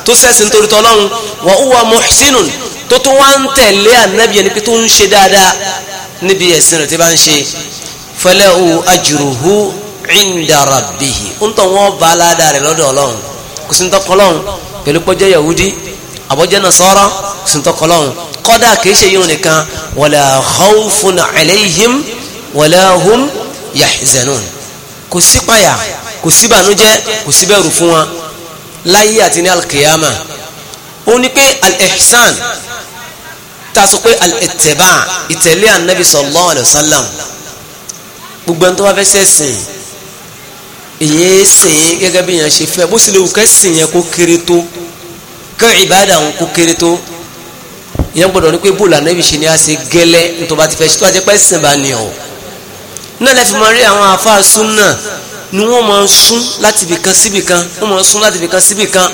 tó sẹ́sìn nítorí tọ́lọ́run wa huwa muhsinun tó tún wá ń tẹ̀lé ànábì ẹni pé tó ń ṣe dáadáa níbi ẹ̀sìn rẹ̀ tí bá ń ṣe falahu ajruhu inda rabbihi ń tọ̀ wọ́n bá aládàá rẹ̀ lọ́dọ̀ ọlọ́run kò sí pẹ̀lú pọ́jẹ́ yahudi àbọ̀jẹ́ nasara sìntọ́kọ lọ́run kọ́dà kìí ṣe yíwọn nìkan wala khawfun alayhim wala hum yahzanun kò sí páyà kò sí bànújẹ́ kò sí bẹ̀rù fún wa láyé àti ní alkiyama ó ní pé al-ihsan tá a sọ pé al-ittiba ìtẹ̀lé anabi sallallahu alayhi wa sallam gbogbo ẹni tó bá fẹ́ sẹ́sìn ìyẹn sìn gẹ́gẹ́ bí yẹn ṣe fẹ́ bó sì lè wù kẹ́sìn yẹn kó kéré tó kẹ́ ìbádà òun kó kéré tó ìyẹn gbọ́dọ̀ ní pé bóòlù ànábì ṣe ni a ṣe gẹ́lẹ́ nítorí àti fẹsẹ tó a jẹ pé sìn bá ní ọ náà lẹfi máa rí àwọn àfáà súnà ni wọ́n máa ń sún láti ibìkan síbìkan wọ́n máa ń sún láti ibìkan síbìkan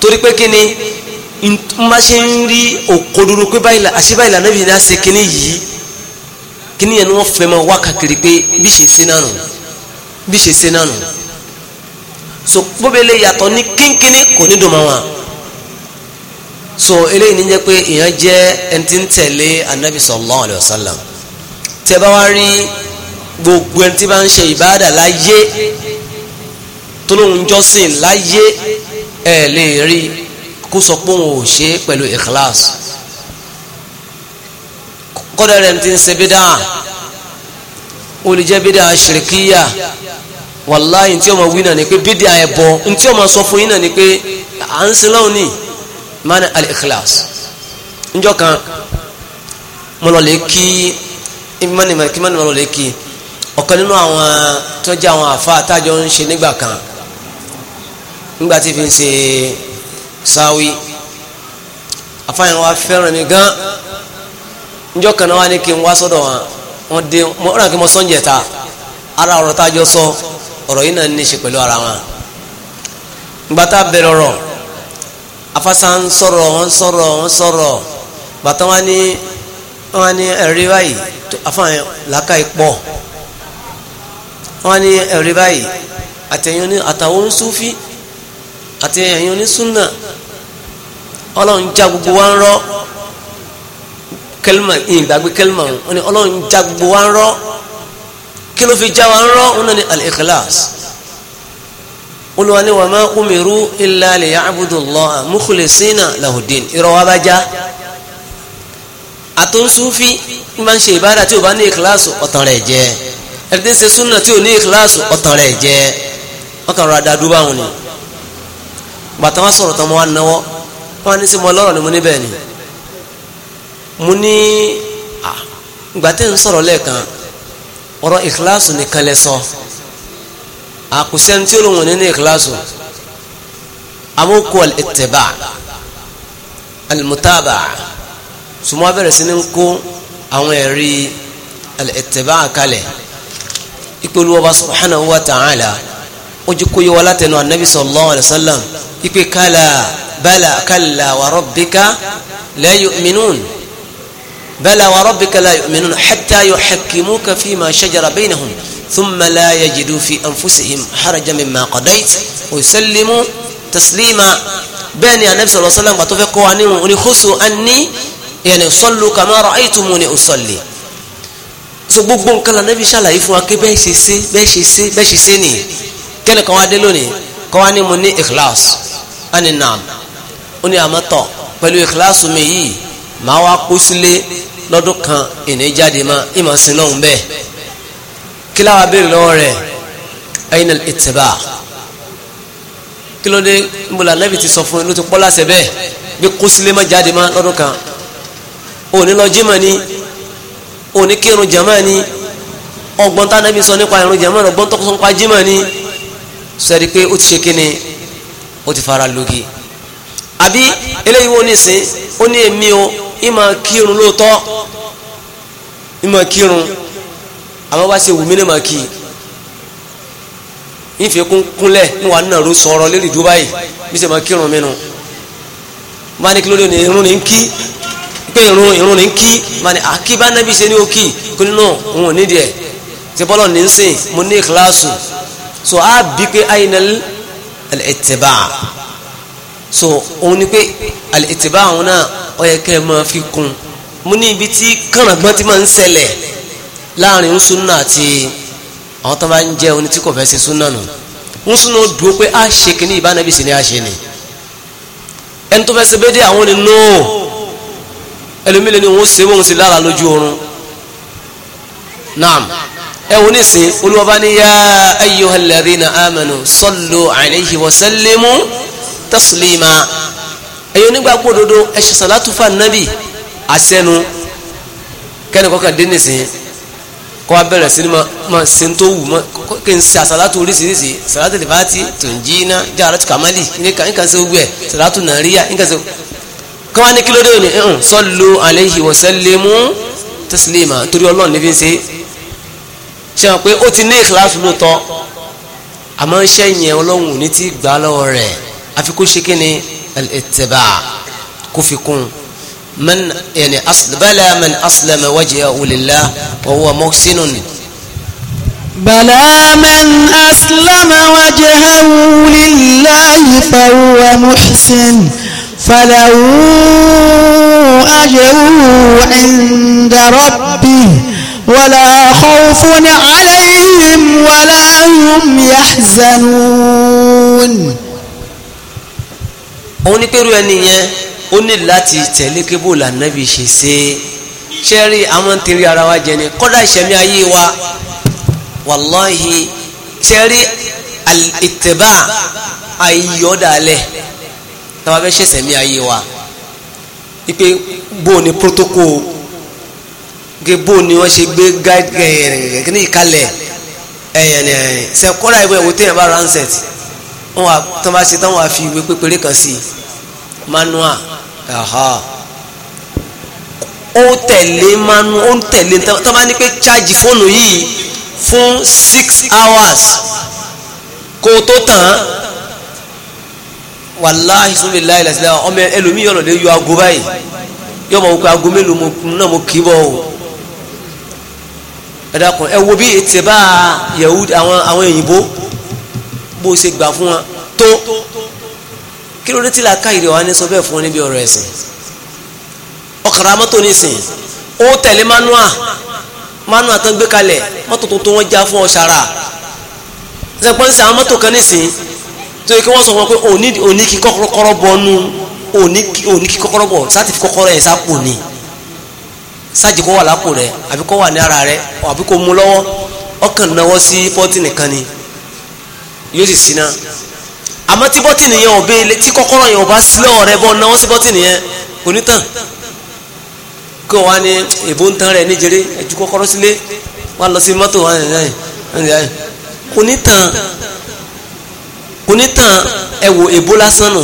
torí pé kíni má ṣe ń rí òkodoro pé báyìí àṣebá ìlànà ìbí ni a ṣe kíní yìí kíní yẹn ni wọ́n fẹ́ máa wá kàkiri pé bí ṣe ṣe náà nù bí ṣe ṣe náà nù so bóbele yàtọ̀ ní kínkínní kò ní dùn mọ́ wọn so eléyìí ní jẹ́ pé èèyàn jẹ́ ẹni tí ń tẹ̀lé anabi sallallahu alayhi wa sallam tẹ bá wá rí gbogbo ẹni tí bá ń ṣe ìbáàdà láyé tó lóun jọ́sìn láyé ẹ̀ lè rí kó sọ pé òun ò ṣe é pẹ̀lú ikhlas kọ́dà rẹ̀ ti ń ṣe bídà ó lè jẹ́ bídà ṣìrìkíyà wàláyé tí ó wí náà ni pé bídà ẹbọ tí ó máa sọ fún yín náà ni pé à ń sin lọ́wọ́ nìyí mana al-ikhlas njọ́ kan mo lọ lè kí imanima kí imanima lọ lè kí ọ̀kan nínú àwọn tó jẹ́ àwọn àfa àtàjọ ń ṣe nígbà kan nígbà tí fi ń ṣe sáwí afáyàn wa fẹ́ràn mi gan njọ́ kan náà wá ní kí n wá sọ́dọ̀ wọn wọn dé mo ràn kí mo sọ́ ń ara ọ̀rọ̀ tá sọ ọ̀rọ̀ yìí náà ní í ṣe pẹ̀lú ara wọn gbàtà bẹ̀rẹ̀ ọ̀rọ̀ afasa ń sọ̀rọ̀ wọ́n sọ̀rọ̀ wọ́n sọ̀rọ̀ gbàtà wọn ni wọn ni ẹ̀rí báyìí afaan làákà ìpọ̀ wọn ni ẹ̀rí báyìí àtẹ̀yìn ní àtàwọn oníṣúfí àtẹ̀yìn oníṣúnà ọlọ́run já gbogbo wa ń rọ́ kẹlma ìgbàgbé kẹlma wọn ni gbogbo wa ń rọ́ kí ló fi já wa ń rọ́ wọn náà ni olùwà ni wàmà umiru illa liya'budullah mukhlisina lahudin irọ́ wa bá já àtúnṣúfì ń bá ń ṣe ìbára tí o bá ní ìkíláàsù ọ̀tàn rẹ̀ jẹ́ ẹ̀dẹ́ ṣe súnà tí o ní ìkíláàsù ọ̀tàn rẹ̀ jẹ́ wọ́n kàn rà dáadú báwọn ni bàtà wọn sọ̀rọ̀ tán wọn wá wọn ní sí mo ni mo ní bẹ́ẹ̀ ni mo ní ìgbà ń sọ̀rọ̀ lẹ́ẹ̀kan ọ̀rọ̀ ìkíláàsù nìkan lẹ sọ. So àkùsẹ́ni tí olóhùn nínú ìkíláàsù amókù al-ittiba al-mutaba sùmọ́ abẹ́rẹ́ sí ni ń kó àwọn ẹ̀rí al-ittiba kalẹ̀ ipe olúwọba subhanahu wa ta'ala ó jí kó yẹ wá látẹnu anabi sallallahu alayhi wa sallam ipe kálá bala kálá wa rabbika la yu'minun bala wa rabbika la yu'minun hatta yuhakkimuka fima shajara baynahum. ثم لا يجدوا في أنفسهم حرجا مما قضيت ويسلموا تسليما بين النبي صلى الله عليه وسلم وتفقوا عني ونخسوا أني يعني صلوا كما رأيتموني أصلي so gbogbo nǹkan la nàbí ṣàlàyé fún wa pé bẹ́ẹ̀ ṣe ṣe bẹ́ẹ̀ ṣe ṣe bẹ́ẹ̀ ṣe ṣe nìyí kẹ́ni kan wá dé lónìí kan wá ní mo ní ikhlas ẹni naam ó ní àmọ́tọ̀ pẹ̀lú ikhlas mi yìí màá wá kó sílé lọ́dún kan ìní jáde mọ́ ìmọ̀ sí bẹ́ẹ̀ kí láwa béèrè lọ́wọ́ rẹ̀ ayin al-ittiba kí ló dé nbola anabi ti sọ fún mi ló ti pọ́lá sẹ́ bẹ́ẹ̀ bí kó sílé má jáde má lọ́dún kan òní lọ jímọ̀ ni òní kírun jama ni ọgbọ́n tá anabi sọ nípa irun jama ni ọgbọ́n tó sọ nípa ni sẹ́ri pé ó ti ṣe kíni ó ti fara lógi àbí eléyìí wo ní sìn ó ní èmi o ìmọ̀ kírun lóòótọ́ ìmọ̀ kírun àmọ́ bá ṣe wù mí ní màá kì í kúnlẹ̀ níwà náà ló sọ̀rọ̀ lérí Dubai bí ṣe máa kírun mi nu bá ní kí lóde ní irun ní kí pé irun irun ní kí bá ní àkíbá nábì ṣe ní ó kì nínú òun ò nídìí ẹ̀ ṣe bọ́lọ̀ ní sìn mo ní ìkíláàsù so a bí pé àyìnlẹ́lì ẹ̀tẹ̀bà so òun ni pé ẹ̀tẹ̀bà òun náà ó máa fi kún mo ní ibi tí kànáàgbọ́n ti máa ń ṣẹlẹ̀ láàrin súnà àti àwọn tó bá ń jẹ́ oní tí kò fẹ́ ṣe súnà nù ń súnà dúró pé a ṣe kìíní ìbánabi sì ni a ṣe ni ẹni tó fẹ́ ṣe bédè àwọn ni nóò ẹlòmílẹ̀ ni wọ́n ṣe wọ́n sì lára lójú oorun naam ẹ wò ní sìn olúwa bá yá ayyuhal ladhina amanu sallu alayhi wa sallimu taslima ẹ̀yin onígbàgbọ́ òdodo ẹ ṣe sàlátù fún ànábì àṣẹnu kẹ́nìkọ́kàn dé nìsín kọ́ wa bẹ̀rẹ̀ sí ni ma ṣe ń tó wù ma kí n ṣe àṣàlátù oríṣiríṣi ṣàlátù lèfàtì tòǹjìnà jàrátù kàmálì nǹkan ṣe gbẹ ṣàlátù nàríyà nǹkan ṣe kí wọ́n ní kí ló dé òní ẹ̀hún sallu alayhi wa sallimu taslima torí ọlọ́run níbi ń ṣe ṣe hàn pé ó ti ní ìkíláàsì lóòótọ́ àmọ́ iṣẹ́ yẹn ọlọ́run ò ní ti gbà lọ́wọ́ rẹ̀ àfi ṣe kí ni al-ittiba' kó fi kún un. من يعني أصل بلى من أسلم وجهه لله وهو محسن بلى من أسلم وجهه لله فهو محسن فله أجره عند ربه ولا خوف عليهم ولا هم يحزنون أولي بيرو ó ní láti tẹ̀lé kébò lànàbì ṣe ṣe ṣẹ́rí àwọn ń tẹ̀lé ara wa jẹ ni kọ́dà ìṣẹ̀mí ayé wa wàláhì ṣẹ́rí ìtẹ̀bá ayọ̀dàlẹ̀ tàbá fẹ́ ṣẹ̀ṣẹ̀mí ayé wa ipe bó ni protocol ge bó ni wọ́n ṣe gbé gáàgẹ̀rẹ̀ kí ni ìkalẹ̀ ẹ̀yẹ̀nì ẹ̀yẹ̀nì ṣe kọ́dà ìwé ìwé téèyàn bá ransẹ̀tì wọ́n wà tó ṣe tán wà fi ìwé pépéré kan sí manual ó tẹ̀lé manu ó tẹ̀lé tó bá ní pé chájì fóònù yìí fún six hours kó tó tàn án wàláhi sọ́bẹ̀ láì lásìlẹ̀ ọmọ ẹlòmíì yọ̀rọ̀ lè yọ aago báyìí yọ mọ̀ wípé aago mélòó náà mo kì í bọ̀ o ẹ dákun ẹ wo bí ètè bá yahudi àwọn àwọn òyìnbó bó ṣe gbà fún wọn tó kí ló dé tí làákà ìrẹ̀ wa ní sọ bẹ́ẹ̀ fún ọ níbi ọ̀rọ̀ ẹ̀sìn ọkàrà mọ́tò nísìn ó tẹ̀lé manua manua tán gbé kalẹ̀ mọ́tò tuntun wọn já fún ọ ṣàrà ṣe pọ́n sí àwọn mọ́tò kan nísìn tó yẹ kí wọ́n sọ fún ọ pé òní kí kọ́kọ́rọ́ bọ́ nú òní kí kọ́kọ́rọ́ bọ̀ sáà fi kọ́kọ́rọ́ yẹn sápò ni sáàjì kó wà lápò rẹ àbí kó wà ní ara rẹ àbí kó mú lọ́wọ́ ọkàn náwó sí fọ́tì nìkan ni yóò sì síná àmọ́ tí bọ́tìnì yẹn ò béèlè tí kọ́kọ́rọ́ yẹn ò bá sílẹ̀ ọ̀rẹ́ bọ́ náwó sí bọ́tìnì yẹn kò ní tàn kí wọ́n wá ní èbó ń tan rẹ̀ níjẹ̀rẹ́ ẹ̀jú kọ́kọ́rọ́ sílé wà lọ sí mọ́tò wọn kò ní tàn kò ní tàn ẹ wò èbó lásán nù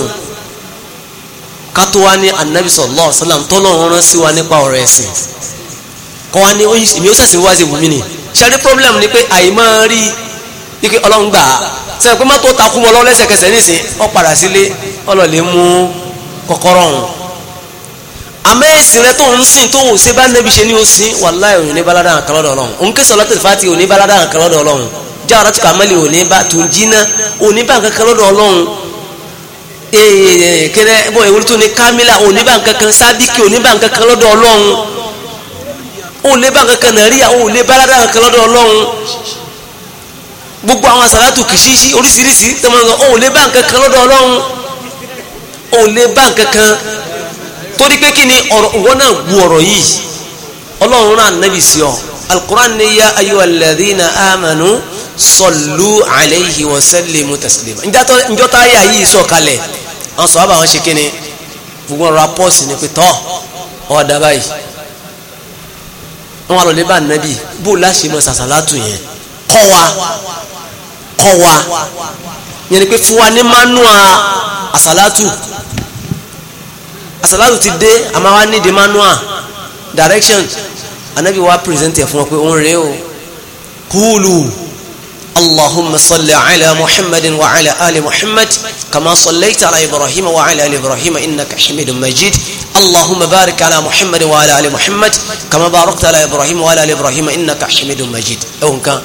kátó wá ní anabi sallallahu alaihi wasallam tọ́lọ̀ rán sí wa nípa ọ̀rọ̀ ẹ̀sìn kọ́ wá ní èmi ó sàṣìwọ́ wá sí wùmí ike ọlọ́run gbà á sẹ́yìn pé mọ́tò takú mọ́ lọ́wọ́ lẹ́sẹ̀kẹsẹ̀ nísìn ó padà sílé ọlọ́lẹ̀ mú kọ́kọ́rọ́ ọ̀hún àmọ́ ẹ̀sìn rẹ tó ń sìn tó ń ṣe bá nẹ́bi ṣe ní o sìn wàláhì òní balada àkàlọ́ dọ̀ ọlọ́run òun kẹsàn lọ́tẹ̀ fati òní balada àkàlọ́ dọ̀ ọlọ́run já ọ̀rọ̀ tukọ̀ amẹ́lẹ̀ òní bá tó ń jiná òní bá nǹkan lọ́dọ̀ ọlọ́run ee kẹrẹ bọ́ ìwúrí tó ní kámílà òní bá nǹkan sádìkì òní bá nǹkan lọ́dọ̀ ọlọ́run òní bá nǹkan nàríyà òní balada àkàlọ́ dọ̀ ọlọ́run gbogbo àwọn sàlátù kìsísí oríṣiríṣi tẹmọ̀nà ò lè bá nǹkan kan lọ́dọ̀ ọlọ́run ò lè bá nǹkan kan torí pé kí ni ọ̀rọ̀ náà gbu ọ̀rọ̀ yìí ọlọ́run náà nẹ́bì sí ọ alukuran ni ya ayo alladhina amanu sallu alayhi wa sallimu taslima njọ́ta ayé ayé yìí sọ̀kalẹ̀ àwọn sọ̀rọ̀ àwọn ṣe kí ni gbogbo ọ̀rọ̀ apọ́ọ̀sì ni pé tọ́ ọ̀dà báyìí wọn àlọ́ lè bá nẹ́bì bó láṣẹ mọ́ sàṣàlátù yẹn kọ́ wa kọ́ wa yẹn ni pé fún wa ní manua asalatu asalatu ti dé àmọ́ wa ní di manua direction anabi wa present ẹ̀ fún wa pé òun rèé o kúlù. اللهم صل على محمد وعلى آل محمد كما صليت على إبراهيم وعلى آل إبراهيم إنك حميد مجيد اللهم بارك على محمد وعلى آل محمد كما باركت على إبراهيم وعلى آل إبراهيم إنك حميد مجيد أو كان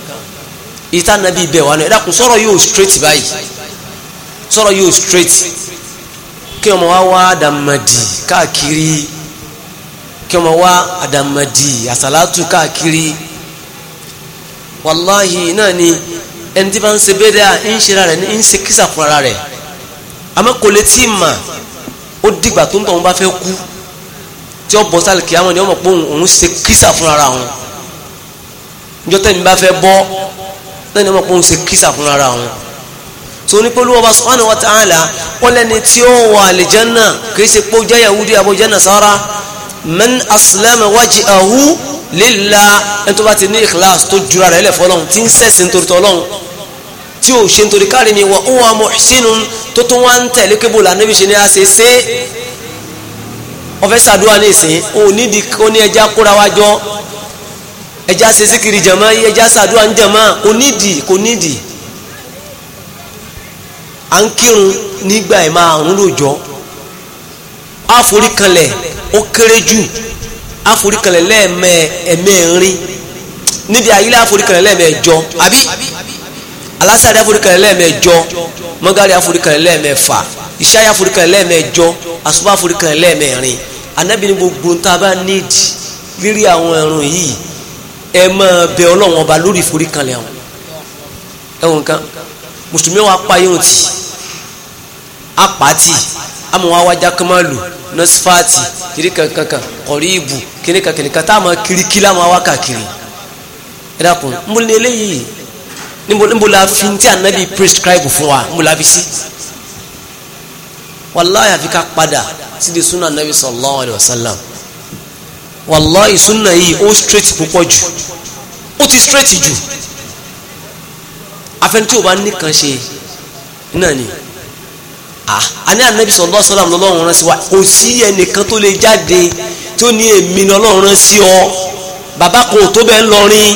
Ita nabi bẹ̀ wà ní ẹ̀dá kù yóò straight báyìí sọ̀rọ̀ yóò straight kí ọmọ wa wá adamadi káàkiri kí ọmọ wa àdàmàdì àsàlátù káàkiri wàláhì náà ni ẹni tí bá ń ṣe bẹ́ẹ̀dá ń ṣe ra rẹ̀ ń ṣe kísà fún ara rẹ̀ àmọ́ kò lè tí ì mà ó dìgbà tó ń tọ̀ wọn bá fẹ́ kú tí ó bọ́ sálì kí àwọn ènìyàn mọ̀ pé òun ṣe kísà fún wọn ìjọ tẹ̀mí bá fẹ́ bọ́ náà ni wọ́n kó ń ṣe kísà fún ara wọn tó ní pé Olúwa subhanahu wa ta'ala kọ́lẹ́ni tí ó wà àlìjánà kì í ṣe pé ó jẹ́ Yahudi àbójẹ́ Nasara man aslama wajhahu lillah ẹni tó bá ti ní ikhlas tó jura rẹ̀ lẹ̀ fọlọ́hún tí ń sẹ̀sìn torí tọ́lọ́hún tí o ṣe nítorí káàrí mi wọ́n wà muhsinun tó tún wá ń tẹ̀lé kébù lànà ṣe ni a ṣe ọ̀fẹ́ sàdúrà ní ìsìn òun nídìí kó ní ẹja kóra wájọ́ ẹja ṣe síkiri jama ẹja ṣàdúrà ń jama kò nídìí kò nídìí à ń kírun nígbà ẹ̀ máa àrùn lóòjọ́ àforíkanlẹ̀ ó kéré jù àforíkanlẹ̀ lẹ́ẹ̀mẹ́ ẹ̀mẹ́rin níbi àyílẹ̀ àforíkanlẹ̀ lẹ́ẹ̀mẹ́jọ àbí alásàdé àforíkanlẹ̀ lẹ́ẹ̀mẹ́jọ mọ́gàrí àforíkanlẹ̀ lẹ́ẹ̀mẹ́fà ìṣáyà àforíkanlẹ̀ lẹ́ẹ̀mẹ́jọ àsùbá àforíkanlẹ̀ lẹ́ẹ̀mẹ́rin anábìrin gbogbo ń tá nídìí lérí àwọn ẹ̀rùn yìí ẹ máa bẹ ọlọ́run ọba lórí ìforíkanlẹ̀ àwọn ẹ̀wọ̀n kan mùsùlùmí wa pa yóò tì apàtì àmọ́ wa wájà kan máa lò nọ́sífàtì kiri kankankan kọ̀rí ìbù kiri kankankan tá a máa kiri kí láwọn wá ẹ dákun níbo ni eléyìí níbo níbo la fi ti ànábì prescribe fún wa níbo la fi sí wàláyà fi ká padà sí di sunnah ànábì sallallahu alaihi wasallam wallahi sunna yìí ó straight púpọ̀ jù ó ti straight jù afẹ́ni tí o bá nìkan ṣe náà ni ah, a ní anabi sallallahu alaihi wasallam lọ́lọ́run rán sí wa kò sí ẹnìkan tó lè jáde tó ní èmi ni ọlọ́run rán sí ọ bàbá kan ò tó bẹ́ẹ̀ ńlọrin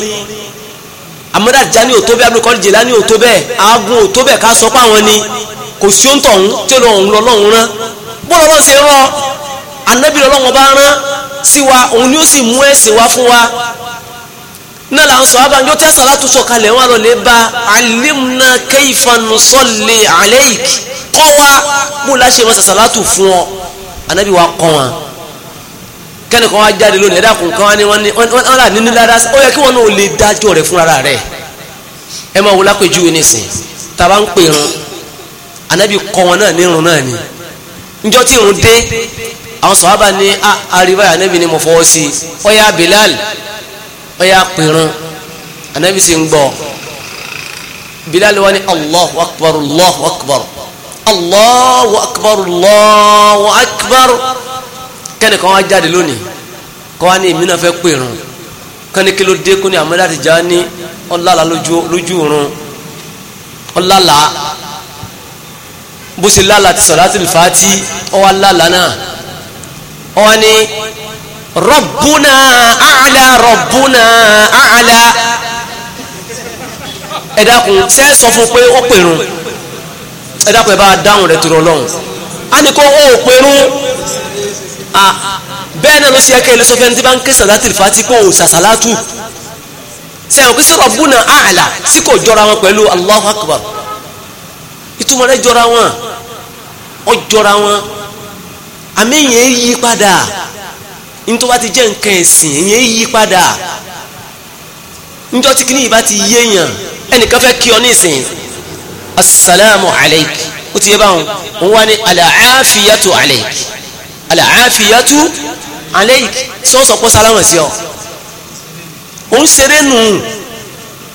amadu Tijani ò tó bẹ́ẹ̀ Abdul Jilani ò tó bẹ́ẹ̀ aagun ká sọ pé ni kò sí ohun tọ̀hún tí ọlọ́run lọ́lọ́run rán bó lọ́lọ́run ṣe rán anabi lọ́lọ́run bá rán sí wa òun ni ó sì mú ẹ̀sìn wá fún wa náà làwọn sọ abá yóò tẹ́sán láti sọ̀kalẹ̀ wọn lọ lè ba alimna kayfa nusalli alayk kọ́ wa bó la ṣe wọn sàṣàlátù fún ọ anabi wa kọ́ wọn kẹ́ni kan wá jáde lónìí ẹ̀dá kùn kan wá ní wọ́n rà nínú dáadáa ó yẹ kí wọ́n náà lè dájọ́ rẹ̀ fúnra rẹ̀ ẹ máa wọlé àpèjúwe nísìn tàbá ń pè irun anabi kọ́ wọn náà ní irun náà ni njọ́ tí irun dé àwọn sọ̀hábà ní àríwá ànábì ni mo fọwọ́ sí i ọ̀yà Bilal ọ̀yà pẹ̀rùn ànábì sì ń gbọ́ Bilal wà ní allahu akbar allahu akbar allahu akbar allahu akbar kẹ́ni kan wá jáde lónìí kọ́ wá ní èmi náà fẹ́ pẹ̀rùn kẹ́ni kí ló dé kó ní Ahmad Tijani ọ̀làlà lójú òrun ọ̀làlà bó ṣe lálà ti salatul fati ọ̀wá lálà náà ọwọ́ ni rọ̀bùnà àlà rọ̀bùnà àlà ẹ dákun ṣe sọ fún pé ó pèrún ẹ dákun ẹ bá dáhùn rẹ̀ tìrọ̀ lọ́hùn a ní kó ó pèrún bẹ́ẹ̀ náà ló ṣe ẹkẹ́ ilé sọfẹ́ni tí bá ń ké sàlátì fàtí kó o ṣàṣàlátù ṣe àwọn kí sí rọ̀bùnà àlà sí kò jọra wọn pẹ̀lú Allahu Akbar ìtumọ̀ rẹ̀ jọra wọn ó jọra wọn àmì èèyàn yí padà nítorí wá ti jẹ́ nǹkan ẹ̀sìn èèyàn yí padà níjọ́ tí kìnìyàn bá ti yé èèyàn ẹnìkan fẹ́ kí ọ ní ìsìn asalaamu alayk ó ti yẹ báwọn òun wá ní alaafiyatu alayk alaafiyatu alayk sọ́sọ́ pọ́ sálámù sí ọ òun ṣeré nù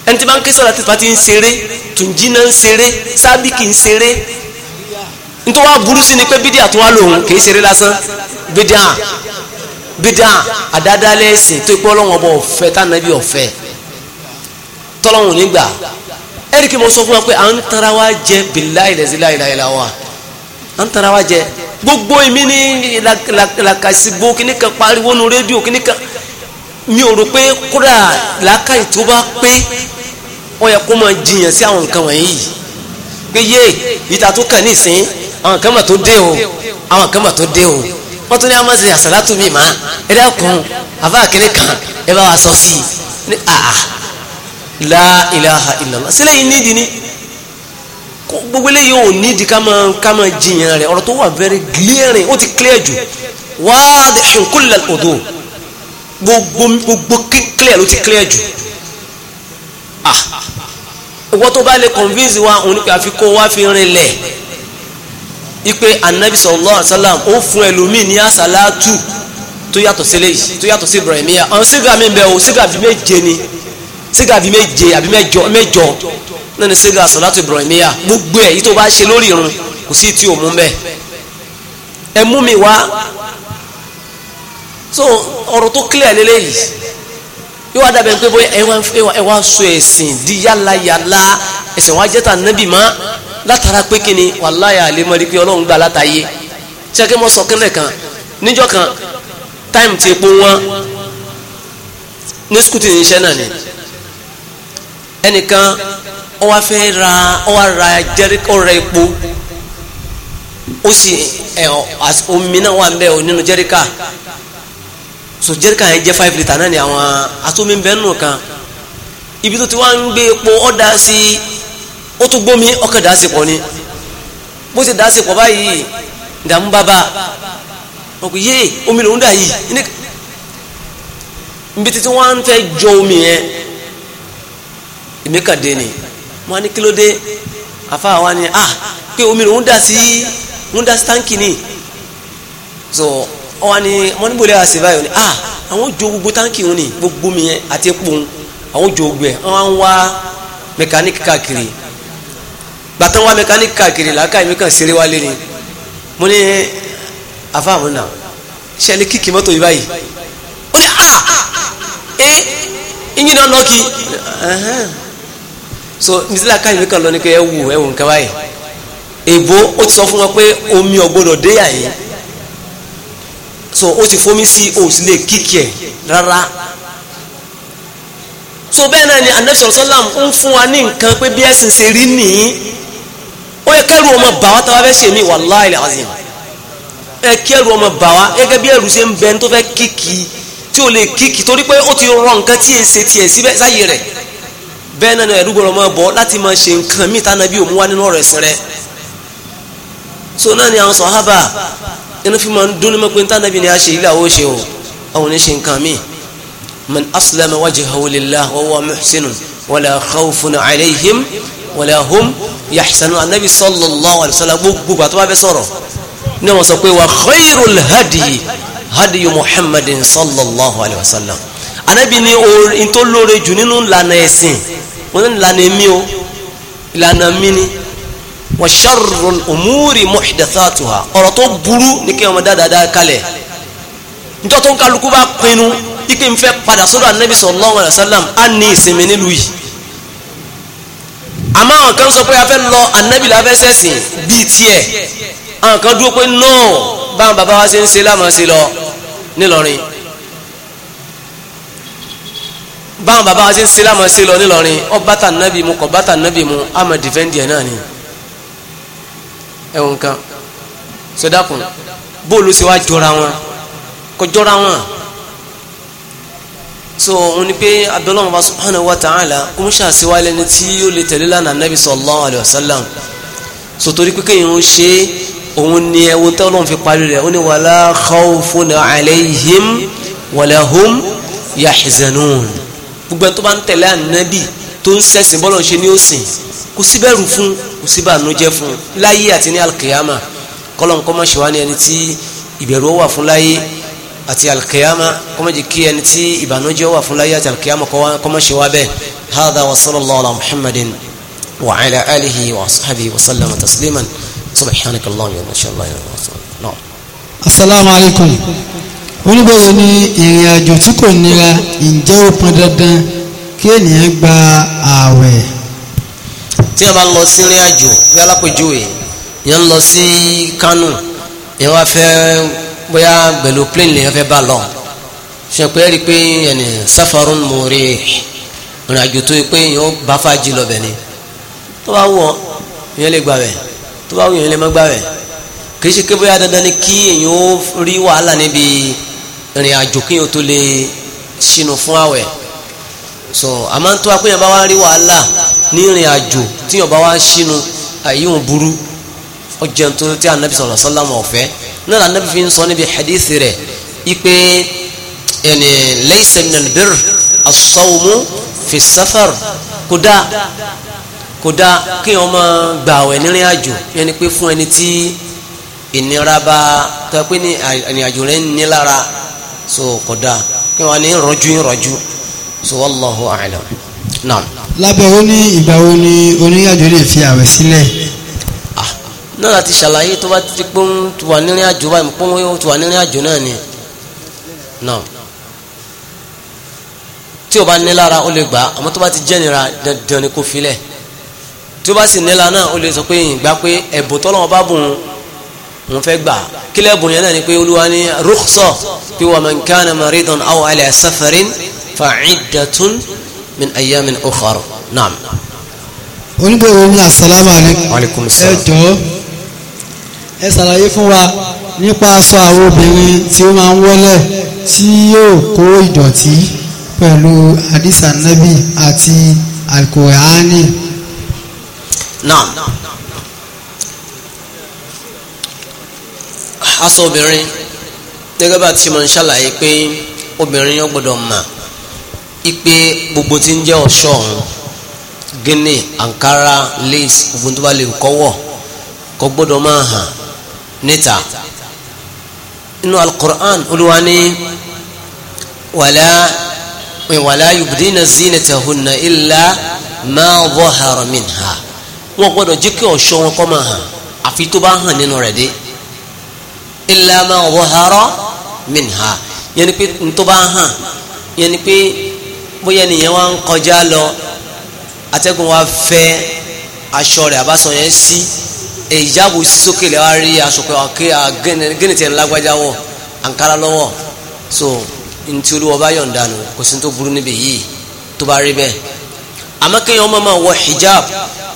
ẹni tí bá ń ké sọ́dọ̀ àti ìfà ti ń ṣeré tùǹjì náà ń ṣeré sábìkì ń ṣeré nítorí wa burú sí ni pé bídíà tó wá lòun kì í ṣeré lásán bídíà bídíà àdádálẹ̀ ẹ̀sìn tó pé ọlọ́wọ́n ọba ọ̀fẹ́ tánàbí ọ̀fẹ́ tọ́lọ́wọ́n nígbà ẹ̀ríkì mo sọ fún wa pé à ń tara wa jẹ billahi lẹ́sí láìláìlá wa à ń tara wa jẹ gbogbo èmi ní làkàṣìgbò kíní kan pariwo nu rédíò kíní kan mi ò rò pé kódà làákàyè tó bá pé wọ́n yẹ kó máa jiyàn sí àwọn nǹkan wọ̀nyí pé yé ìta tó àwọn kan mà tó dé o àwọn kan mà tó dé o wọ́n tún ní amásí àsàlátù mi mà ẹ dákun àbá kínní kan ẹ bá wa sọ sí i ní àà la ilaha illallah sílẹ̀ yìí nídìí ni gbogbo eléyìí ò nídìí ká máa ká máa jiyàn rẹ̀ ọ̀rọ̀ tó wà very glaring ó ti clear jù wadihun kullal odò gbogbo gbogbo clear ló ti clear jù ah owó tó bá lè convince wa òun ni pé àfikún wa fi rinlẹ̀ ipe anabi sallallahu alaihi wasallam ó fún ẹlòmíì ní àsálàtù tó yàtọ̀ sílẹ̀ yìí tó yàtọ̀ sí ibrahimiya àwọn sígà mi bẹ̀ o sígà bíi méje ni sígà bíi méje àbí mẹ́jọ mẹ́jọ náà ni sígà àsálàtù ibrahimiya gbogbo ẹ̀ yìí tó bá ṣe lórí irun kò sí tí o mú mẹ́ ẹ mú mi wá so ọ̀rọ̀ tó clear lélẹ́yìí yóò wá dàbẹ̀ pé bóyá ẹ wá sọ ẹ̀sìn di yálàyàlà ẹ̀sìn wá jẹ́ta nábì máa látara pé kí ni wàláyà àlèmọ́rí pé ọlọ́run gbà látàyè ṣẹ́kẹ́ mọ́ sọ kẹ́lẹ̀ kan níjọ́ kan táìmù ti epo wọn ní skútì ní iṣẹ́ náà ni ẹnìkan ó wá fẹ́ ra ó wá ra jẹ́ríkọ́ rẹ epo ó sì omi náà wà ń bẹ́ ọ nínú jẹ́ríkà so jẹ́ríkà yẹn jẹ́ five litre náà ni àwọn àtúnmí bẹ́ẹ̀ nù kan ibi tó ti wá ń gbé epo ọ̀dà sí i ó tún gbómi ọkàn dàásìpọ̀ ni bó ṣe dàásìpọ̀ báyìí ìdààmú bàbá wọn kò yé omi lòún dà yìí níbi títí wọn ń fẹ́ jọ omi yẹn èmi kà ni mo á ní kí ló dé àfa àwa ni ah pé omi lòún dà sí ń dà sí táǹkì ni so wọn ni wọn níbo lè àṣẹ báyìí ah àwọn jo gbogbo táǹkì wọn ni gbogbo mi yẹn àti epo àwọn jo gbẹ wọn wá mẹkáníkì káàkiri. gbàtán nwa mẹkáníkì káàkiri làákà èmi kàn ṣeré wálé ni mo ní àfààmù náà ṣe ni kíkì mọ́tò yìí báyìí ó ní ah náà so ní làákà èmi kàn lọ ewu pé ẹ wù ẹ ti sọ fún wọn omi ọgbọdọ dé so ó ti fomi sí òsì lè kíkì ẹ rárá so bẹ́ẹ̀ náà ni anabi sọ̀rọ̀ sọ́lá ń fún wa ní nǹkan ó yẹ kẹ́rù ọmọ bàwá tó wá fẹ́ ṣèmí wàláhì azim ẹ kẹ́rù ọmọ bàwá gẹ́gẹ́ bí ẹrù ṣe ń bẹ tó fẹ́ kíkì tí ò lè kíkì torí pé ó ti rọ nǹkan tí è ṣe tiẹ̀ síbẹ̀ sáyé rẹ̀ bẹ́ẹ̀ náà ẹ̀rú gbọ́dọ̀ máa bọ̀ láti máa ṣe nǹkan míì tánà bí òun nínú ọ̀rọ̀ ẹ̀sìn rẹ̀ so náà ni àwọn sọ̀hábà inú fi máa ń dún ní mọ́pẹ́ tánà bí ni a ṣe ilé àwọn òṣè o àwọn oníṣe nǹkan míì man aslama wajhahu lillah wa huwa muhsinun wala khawfun alayhim wala hum yahsanu anabi sallallahu alaihi wasallam gbogbo àti wọn bẹ sọ̀rọ̀ ní wọn sọ pé wa khairul hadi hadi muhammadin sallallahu alaihi wasallam anabi ni orin tó lóore jù nínú ìlànà ẹ̀sìn wọn ní ìlànà èmi o ìlànà mi ni wa sharrul umuri muhdathatuha ọ̀rọ̀ tó burú ní kí ọmọ dáadáa kalẹ̀ nítorí tó ń kálukú bá pinnu ike ń fẹ́ padà sọ́dọ̀ anabi sallallahu alaihi wasallam á ní ìsinmi nílùú yìí àmọ́ àwọn kan sọ pé a fẹ́ lọ anabi la fẹ́ sẹ̀sìn bíi tiẹ̀ àwọn kan dúró pé náà báwọn bàbá wa ṣe ń ṣe láwọn ṣe lọ nílọrin báwọn bàbá wa ṣe ń ṣe láwọn ṣe lọ nílọrin ọ bàtà nàbì mu kọ bàtà nàbì mu àmọ́ dìfẹ́ǹdì ẹ̀ náà ni ẹ̀wọ̀n kan sọdákun bóòlù ṣe wá jọra wọn kò jọra wọn so òun ni pé abdullahi wa subhanahu wa ta'ala kò ń ṣàṣewálẹ̀ ni tí yóò lè tẹ̀lé lánàá nabi sallallahu alayhi wa sallam so torí pé kéèyàn ń ṣe òun ni ẹwọ́n tẹ́ ọlọ́run fi parí rẹ̀ ó ní wala khawfun alayhim wala hum yahzanun gbogbo ẹni tó bá ń tẹ̀lé ànábì tó ń sẹ̀sìn bọ́lọ̀ ṣe ní òsìn kò sí fún kò sí bànújẹ́ fún láyé àti ní alkiyama kọ́lọ́n kọ́ mọ̀ ṣe wá ní ẹni tí ìbẹ̀rù ó wà fún láyé àti alkiyama kọ́mọ̀ jẹ́ kí ẹni tí ìbànújẹ́ wà fún láyé àti alkiyama kọ́mọ̀ ṣe wá bẹ́ẹ̀ hadha wa sallallahu ala muhammadin wa ala alihi wa ashabihi wa sallama tasliman subhanakallahu wa mashallah wa assalamu alaikum oníbẹ̀rẹ̀ ni ìrìn àjò tí kò nira ǹjẹ́ ó dandan kí ènìyàn gba ààwẹ̀. tí a bá lọ sí ìrìn àjò bí alápèjúwe yẹn lọ sí Kánò yẹn wá fẹ́ẹ́ bóyá pẹ̀lú plane lèyàn fẹ́ bá lọ ṣe pé rí i pé ẹni safarun mòrè ìrìn àjò tó yẹ pé yẹn ó bá fàájì lọ bẹ̀ ni tó bá wọ yẹn lè gbà bẹ̀ tó bá wọ yẹn lè má gbà bẹ̀ kì í ṣe pé bóyá dandan ni kí èyàn ó rí wàhálà níbi ìrìn àjò kí yẹn tó lè ṣinú fún àwẹ̀ so àmọ́ tó akóyàn bá wá rí wàhálà ní ìrìn àjò tí yẹn bá wá ṣinú àyíwọ̀n burú ọjọ́ tó tí anabi sọ̀rọ̀ sọ́lámù ọ̀fẹ́ náà lànàbí fi ń sọ níbi hadith rẹ̀ ipe ẹni laysa min albir as-sawmu fi safar kódà kódà kí wọn máa gbà àwẹ̀ nírìn àjò yẹni pé fún ẹni tí ìnira bá tọ́ pé ní àjò rẹ̀ ń ní lára so kódà kí wọn ní rọjú rọjú so wallahu a'lam naam. lábẹ́ ó ní ìgbà wo ni oníyàjò lè fi àwẹ̀ sílẹ̀ náà láti ṣàlàyé tó bá ti pé ń wà nírìn àjò báyìí pé ń wà nírìn àjò náà ni náà tí o bá ní lára o lè gbà àmọ́ tó bá ti jẹ́nira dandan ni kò filẹ̀ tí o bá sì nílá náà o lè sọ pé ìgbà pé ẹ̀bùn tọ́lọ́wọ́ bá bùn òun fẹ́ gbà kílẹ̀bùn yẹn náà ni pé olúwa ní rukhsa pé wa man kana maridan aw ala safarin fa iddatun min ayyamin ukhar naam. oníbẹ̀rẹ̀ ní asalaamualeykum. waaleykum salaam. ẹ jọ̀ọ́ ẹ ṣàlàyé fún wa nípa aṣọ àwọn obìnrin tí ó máa ń wọ́lẹ̀ tí yóò kó ìdọ̀tí pẹ̀lú hadisa nabi àti alkohani. náà aṣọ obìnrin gẹ́gẹ́ bá ti mọ̀ ń ṣàlàyé pé obìnrin yóò gbọ́dọ̀ mà ipe gbogbo tí ń jẹ́ ọ̀ṣọ́ ọ̀hún gíní ankara lace gbogbo tó bá lè kọ́wọ́ kò gbọ́dọ̀ máa hàn níta inú alukur'an olúwa ní wàlá wàlá yubdina zinatahunna illa ma zahara minha wọn gbọ́dọ̀ jẹ́ kí ọ̀ṣọ́ wọn kó máa hàn àfi tó bá hàn nínú rẹ̀ dé illa ma zahara minha yẹn ni pé tó bá hàn yẹn pé bóyá nìyẹn wá ń kọjá lọ atẹ́gùn wa fẹ́ aṣọ rẹ̀ àbáṣọ yẹn sí. Si ìjáàbò sókè lè wá rí aṣọ pé ọ̀kẹ́ gẹ́nì tiẹ̀ lágbájá wọ̀ àǹkárá lọ́wọ́ so ní ti olúwa bá yọ̀ǹda nù kò sí tó burú níbi yìí tó bá rí bẹ́ẹ̀ àmọ́ kéèyàn máa máa wọ hijab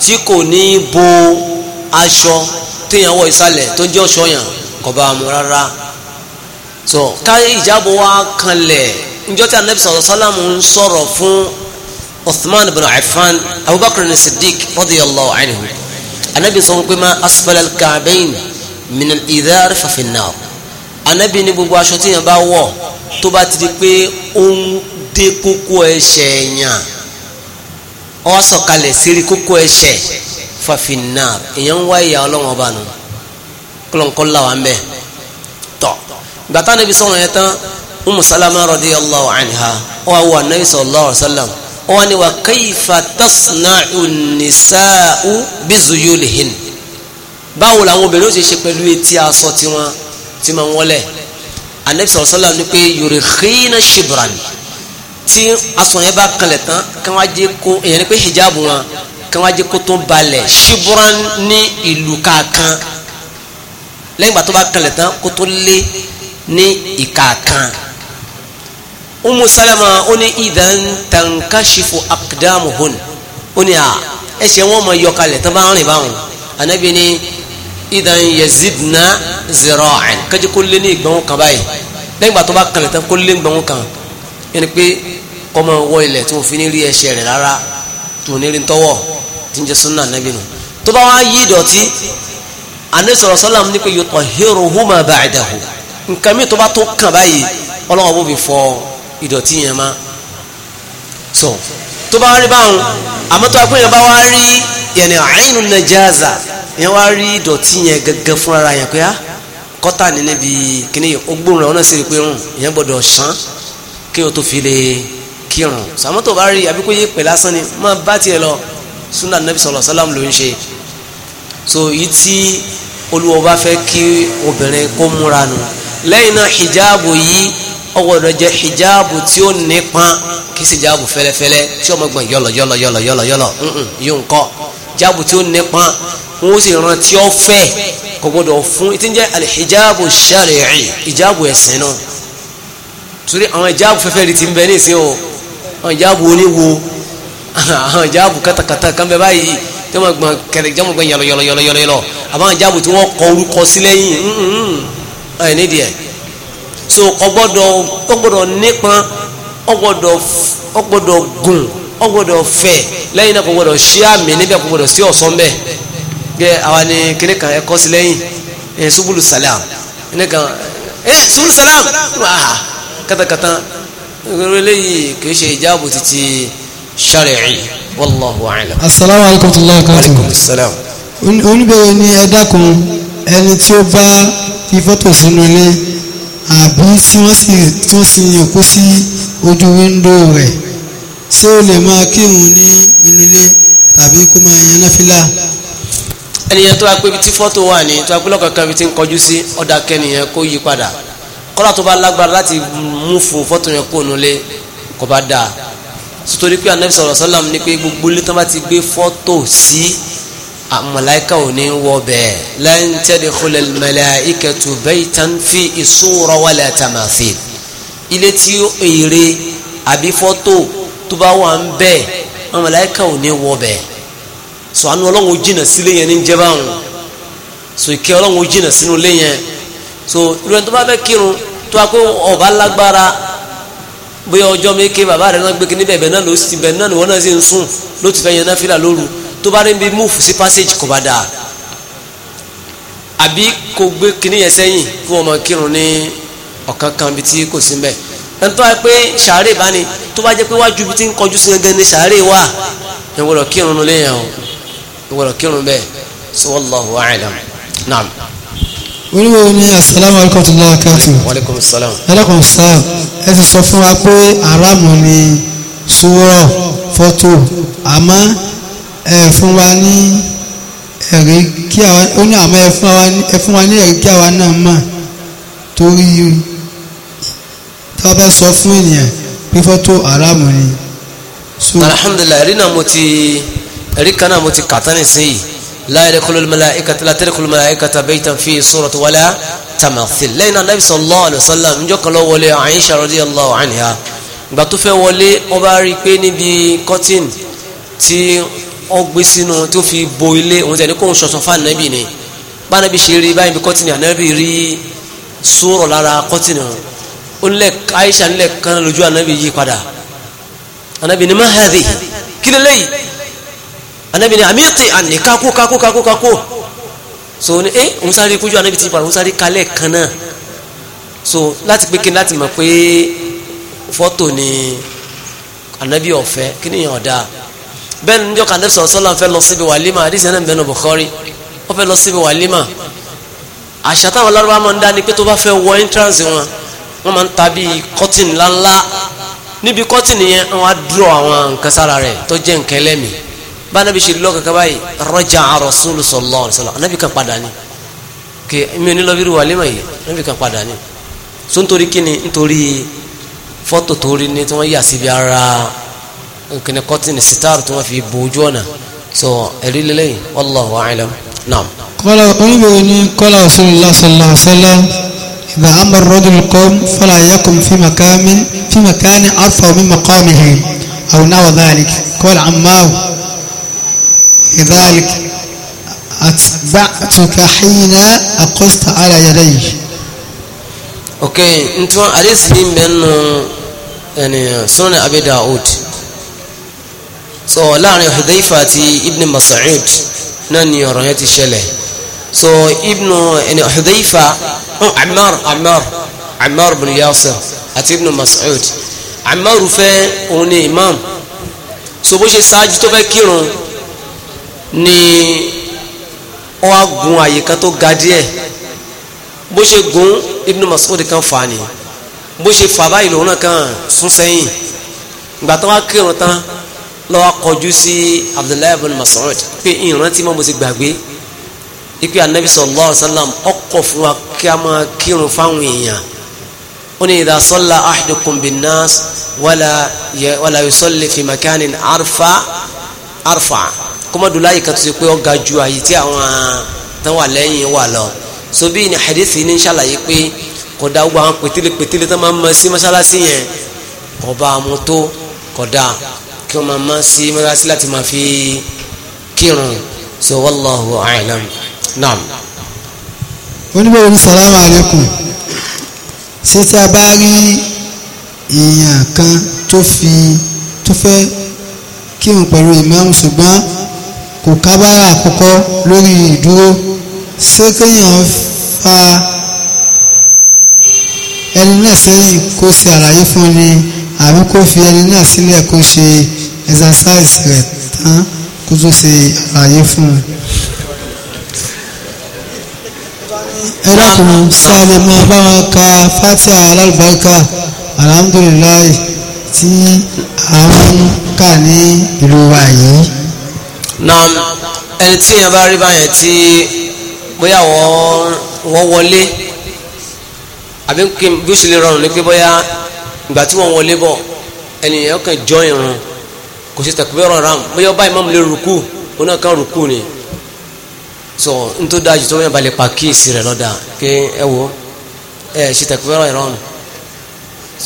tí kò ní bo aṣọ téèyàn wọ ìsàlẹ̀ tó jẹ́ ọ̀ṣọ́ yàn kò bá mu rárá so ká hijab wa kanlẹ̀ njọ́ tí anabi sọ̀rọ̀ sálámù ń sọ̀rọ̀ fún Uthman ibn Affan Abubakar ní Siddiq radiyallahu anhu anabi sọ wọn pé ma asfalal ka'bayn minal idhar fafin nar anabi ní gbogbo aṣọ tí yẹn bá wọ̀ tó bá ti di pé ó ń dé kókó ẹsẹ̀ yẹn ó wá sọ̀kalẹ̀ sírí kókó ẹsẹ̀ fafin nar èèyàn ń wá ìyà ọlọ́wọ́n bá nù kọlọ́nkọ́ làwọn bẹ́ẹ̀ tọ́ gbàtà anabi sọ̀rọ̀ yẹn tán umu salama radiyallahu anha ó wá wọ anabi sallallahu alaihi wasallam wọ́n ní wà kayfa tasna'u nisa'u bizuyulihin báwo làwọn obìnrin ó ṣe ṣe pẹ̀lú etí aṣọ tiwọn tí máa ń wọlẹ̀ anabi sallallahu alaihi wasallam ní pé yurikhina shibran tí aṣọ yẹn bá kanlẹ̀ tán kán wá jẹ́ kó èèyàn ní pé hijab wọn kán wá jẹ́ kó tó balẹ̀ shibran ní ìlú kankan lẹ́yìn ìgbà tó bá kanlẹ̀ tán kó tó lé ní ìkàkan umu salama ó idan tankashifu aqdamuhun ó ní a ẹsẹ̀ wọn ma yọkalẹ̀ tán bá ń rìn báwọn anabi ni idan yazidna zira'an kájí kó ni ní ìgbọ̀n kan báyìí lẹ́yìn gbà tó bá kalẹ̀ tán kó lé ìgbọ̀n kan yẹn pé kọ́mọ wọ ilẹ̀ tó fi ní rí ẹsẹ̀ rẹ̀ tó ní rí ń sunna anabi nù tó wa wá yí ìdọ̀tí anabi sọ̀rọ̀ sọ́làm ní pé yutahhiruhuma ba'dahu nǹkan mi tó bá tó kàn báyìí ọlọ́wọ́ bó fi fọ́ ọ ìdọ̀tí yẹn má so tó bá wá rí báwọn àmọ́ tó akpé yẹn bá wá rí yẹn àìnù nàjàzà yẹn wá rí ìdọ̀tí yẹn gẹ́gẹ́ fún ara yẹn pé á ah, kọ́tà ní níbi kíní ogbóhùn rẹ̀ ọ̀nà sì rí pé rùn hmm, yẹn gbọ́dọ̀ sàn kí o tó fi lè kírun so àmọ́ tó bá rí àbíkó yẹ pẹ̀ lásán ni má bá tiẹ̀ lọ sunna nabi sallallahu alaihi ló ń ṣe so yìí tí olúwa bá fẹ́ kí obìnrin kó múra nù lẹ́yìn náà hijabu yìí ọgbọ́dọ̀ jẹ́ hijabu tí ó nípa kì í ṣe hijabu fẹ́lẹ́fẹ́lẹ́ tí ọmọ gbọ̀n yọlọ yọlọ yọlọ yọlọ yọlọ yóò ń kọ́ hijabu tí ó nípa wọn ó sì ràn tí ó fẹ́ kò gbọ́dọ̀ fún ìtí ń jẹ́ alihijabu shari'i hijabu ẹ̀sìn náà torí àwọn hijabu fẹ́fẹ́ rí ti ń bẹ ní ìsìn o àwọn hijabu oníwo àwọn hijabu katakata kan bẹ báyìí tí wọ́n gbọ̀n kẹrẹ̀ jẹ́ wọ́n gbọ̀n yọlọ yọlọ yọlọ hijabu tí wọ́n kọ orúkọ sí lẹ́yìn ẹ̀ nídìí ẹ̀ so ọgbọ́dọ̀ ọgbọ́dọ̀ nípọn ọgbọ́dọ̀ ọgbọ́dọ̀ gùn ọgbọ́dọ̀ fẹ̀ lẹ́yìn náà kò gbọ́dọ̀ sí àmì níbẹ̀ kò gbọ́dọ̀ sí ọ̀sán bẹ gẹ àwa ni kíní kan ẹkọ sí lẹ́yìn ẹ subúlù sàlám kíní kan ẹ subúlù sàlám wàhà kàtàkàtà eléyìí kìí ṣe ìjáàbù títí shar'i wallahu a'lam. asalaamu alaykum wa rahmatulahi wa barakatuh. aleykum salaam. oníbẹ̀rẹ̀ ni ẹ dákun ẹni tí ó bá fi fọ́tò sínú ilé àbí tí wọ́n sì tí wọ́n sì yàn kó sí ojú wíńdò rẹ̀ ṣé ó lè máa kírun ní inú ilé tàbí kó máa yan náfìlà. ẹnìyẹn tó wá pé ibi tí fọ́tò wà ní tó wá pé lọ́kọ̀ọ̀kan ibi tí ń kọjú sí ọ̀dà kẹ́nìyẹn kó yí padà kọ́lá tó bá lágbára láti mú fún fọ́tò yẹn kó nulẹ̀ kó bá dáa sotori pé anabi sọ̀rọ̀ sọ́làm ní pé gbogbo ilé tó bá ti gbé fọ́tò sí. Si, mọ̀láìkà ò ní wọ bẹ́ẹ̀ lan tadkhul al-malaikatu baytan fihi sura wala tamathil ilé tí èrè àbí fọ́tò tó bá wà ń bẹ́ẹ̀ mọ̀láìkà ò ní wọ bẹ́ẹ̀ sọ àánú ọlọ́run jìnnà sílé yẹn ní jẹ́ báwọn sọ ìkẹ́ ọlọ́run jìnnà sínú lé yẹn so irú ẹni tó bá fẹ́ kírun tó wá pé ọba lágbára bóyá ọjọ́ mi ké bàbá rẹ̀ náà gbé kí níbẹ̀ bẹ̀ náà ló tó bá rí bí move sí passage kò bá dáa àbí kò gbé kinní yẹn sẹ́yìn fún ọmọ kírun ní ọ̀kan kan bí tí kò sí mbẹ́ ẹni tó wá pé sàárè bá ní tó bá jẹ́ pé wájú bí tí ń kọjú sí gẹ́gẹ́ ní sàárè wà ẹ̀ wọ́n lọ kírun nulẹ̀ yẹn o ẹ̀ wọ́n lọ kírun bẹ́ẹ̀ sọ wallahu a'lam naam onímọ̀ ní asalaamu alaykum wa rahmatulahi wa barakatuh. wa aleykum salaam. aleykum salaam. ẹ ti sọ fún wa pé aráàmù ni sùúrọ̀ fọ́tò àmọ́ ẹ fún wa ní ẹ̀rí kí àwa ó ní àmọ́ ẹ fún wa ní ẹ̀rí kí àwa náà mà torí tá a bá sọ fún ènìyàn pífọ́ tó aráàmù ni. alhamdulilah ẹ̀rí náà mo ti ẹ̀rí kan náà mo ti kàtá nísìnyí la yadkhulul malaikata la tadkhulul malaikata baytan fi surati wala tamathil lẹ́yìn náà nabi sallallahu alayhi njọ́ kan wọlé Aisha radiyallahu anha gbà tó wọlé ó rí pé níbi kọ́tìn tí ọgbẹ́ sínú tó fi bo ilé òun tẹ̀ ní kóun ṣọ̀ṣọ̀ fún ànábì ni bánabi ṣe rí báyìí bí kọ́tìnì ànábì rí sóòrọ̀ lára kọ́tìnì wọn onlẹ aisha nílẹ kan lójú anabi yí padà anabi ni mahadi kílélẹ yìí anabi ni amíyàtì àní kakó kakó kakó kakó so ní ẹ eh, òun sáré kójú anabi ti padà òun sáré kalẹ kan náà so láti pé kíni láti mọ pé fọ́tò ni anabi ọ̀fẹ́ kíni yẹn ọ̀dà bẹ́ẹ̀ níjọ́ kan nẹ́bí sọ̀rọ̀ sọ́lá fẹ́ lọ síbi wàlímà àdìsí ẹ̀nà bẹ́ẹ̀ nù Bukhari ó fẹ́ lọ síbi wàlímà àṣà táwọn lárúbá máa ń dá ni pé tó bá fẹ́ wọ entrance wọn wọ́n máa ń ta bíi cotton ńláńlá níbi cotton yẹn wọ́n á dúró àwọn nǹkan sára rẹ̀ tó jẹ́ nǹkan ẹlẹ́mì bá nàbí ṣe lọ kankan báyìí rọjà Rasulu sallallahu alaihi wasallam kan padà ni kì mí ò ní lọ bírú wàlímà yìí nàbí kan padà ni so nítorí kíni nítorí fọ́tò tó rí ni tí wọ́n yà síbi ara nkìnnì kọ́tìnì sítárù tí wọ́n fi bo ojú ọ̀nà so ẹ̀rí lélẹ́yìn wallahu a'lam naam. kọ́lá oníbèrè ní kọ́lá rasulullah sallallahu alayhi wa sallam idha amara rajul qawm fala yakum fi makamin fi makani arfa min maqamihi aw nawa dhalik qala ammar lidhalik atba'tuka hina aqasta ala yadayhi. ok ntun adesi mbẹnu ẹni sunan abi daud so láàrin Hudhaifa àti ibn Mas'ud náà ni ọ̀rọ̀ ti ṣẹlẹ̀ so ibn ẹni Hudhaifa hm, Ammar Ammar Ammar bin Yasir àti ibn Mas'ud Ammar fẹ́ òun ni imam so bó ṣe ṣáájú tó fẹ́ kírun ni ó wá gun àyíká tó ga díẹ̀ bó ṣe gun ibn Mas'ud kan fà ni bó ṣe fà báyìí lòun náà kan sún sẹ́yìn gbàtọ́ wá kírun tán lọ́wọ́ kọjú sí abdullahi ibn mas'ud pé ìrántí mọ́ mo ti gbàgbé ipe anabi sallallahu alaihi wasallam ọkọ̀ fún wa kí a máa kírun fáwọn èèyàn ó ní idha salla ahadukum bin nas wala yusalli fi makanin arfa arfa kọ́mọdúnlá yìí kan tó ṣe pé ó ga ju àyè tí àwọn tán wà lẹ́yìn wà lọ so bí ní hadith ní ṣàlàyé pé kódà gbogbo àwọn pètèlépètèlé tó máa ń mọ sí mọ́ṣáláṣí yẹn kọba àmútó kódà kí wọ́n máa má sí mọ́sálásí láti máa fi kírun so wallahu a'lam naam. oníbẹ̀rẹ̀ ní salamu alaykum ṣé tí a bá rí èèyàn kan tó fi tó fẹ́ kírun pẹ̀lú ìmáàmù ṣùgbọ́n kò kábàárà àkọ́kọ́ lórí ìdúró ṣé kéèyàn fa ẹni náà sẹ́yìn kó ṣe àlàyé fún ni àbí kó fi ẹni náà sílẹ̀ kó ṣe exercise rẹ̀ tán kó tó ṣe àlàyé fún un. ẹ dákun sáré máa bá wọn ka fatia alálùbáríkà alhamdulilayi tí àwọn kà ní ìlú wa yìí. naam ẹni tí èèyàn bá rí báyẹn tí bóyá wọ́n wọlé àbí bí ó ṣe lè rọrùn ní pé bóyá ìgbà tí wọ́n wọlé bọ̀ ẹnìyàn kan jọ ìrun kò ṣe tẹ̀kúbẹ́rọ̀ ram bóyá ọba ìmáàmù lè rúkú ó náà kàn rúkú ni sọ n tó dájú yẹn balẹ̀ pa kíyèsí rẹ̀ lọ́dà kí ẹ wo ẹ ṣe tẹ̀kúbẹ́rọ̀ ram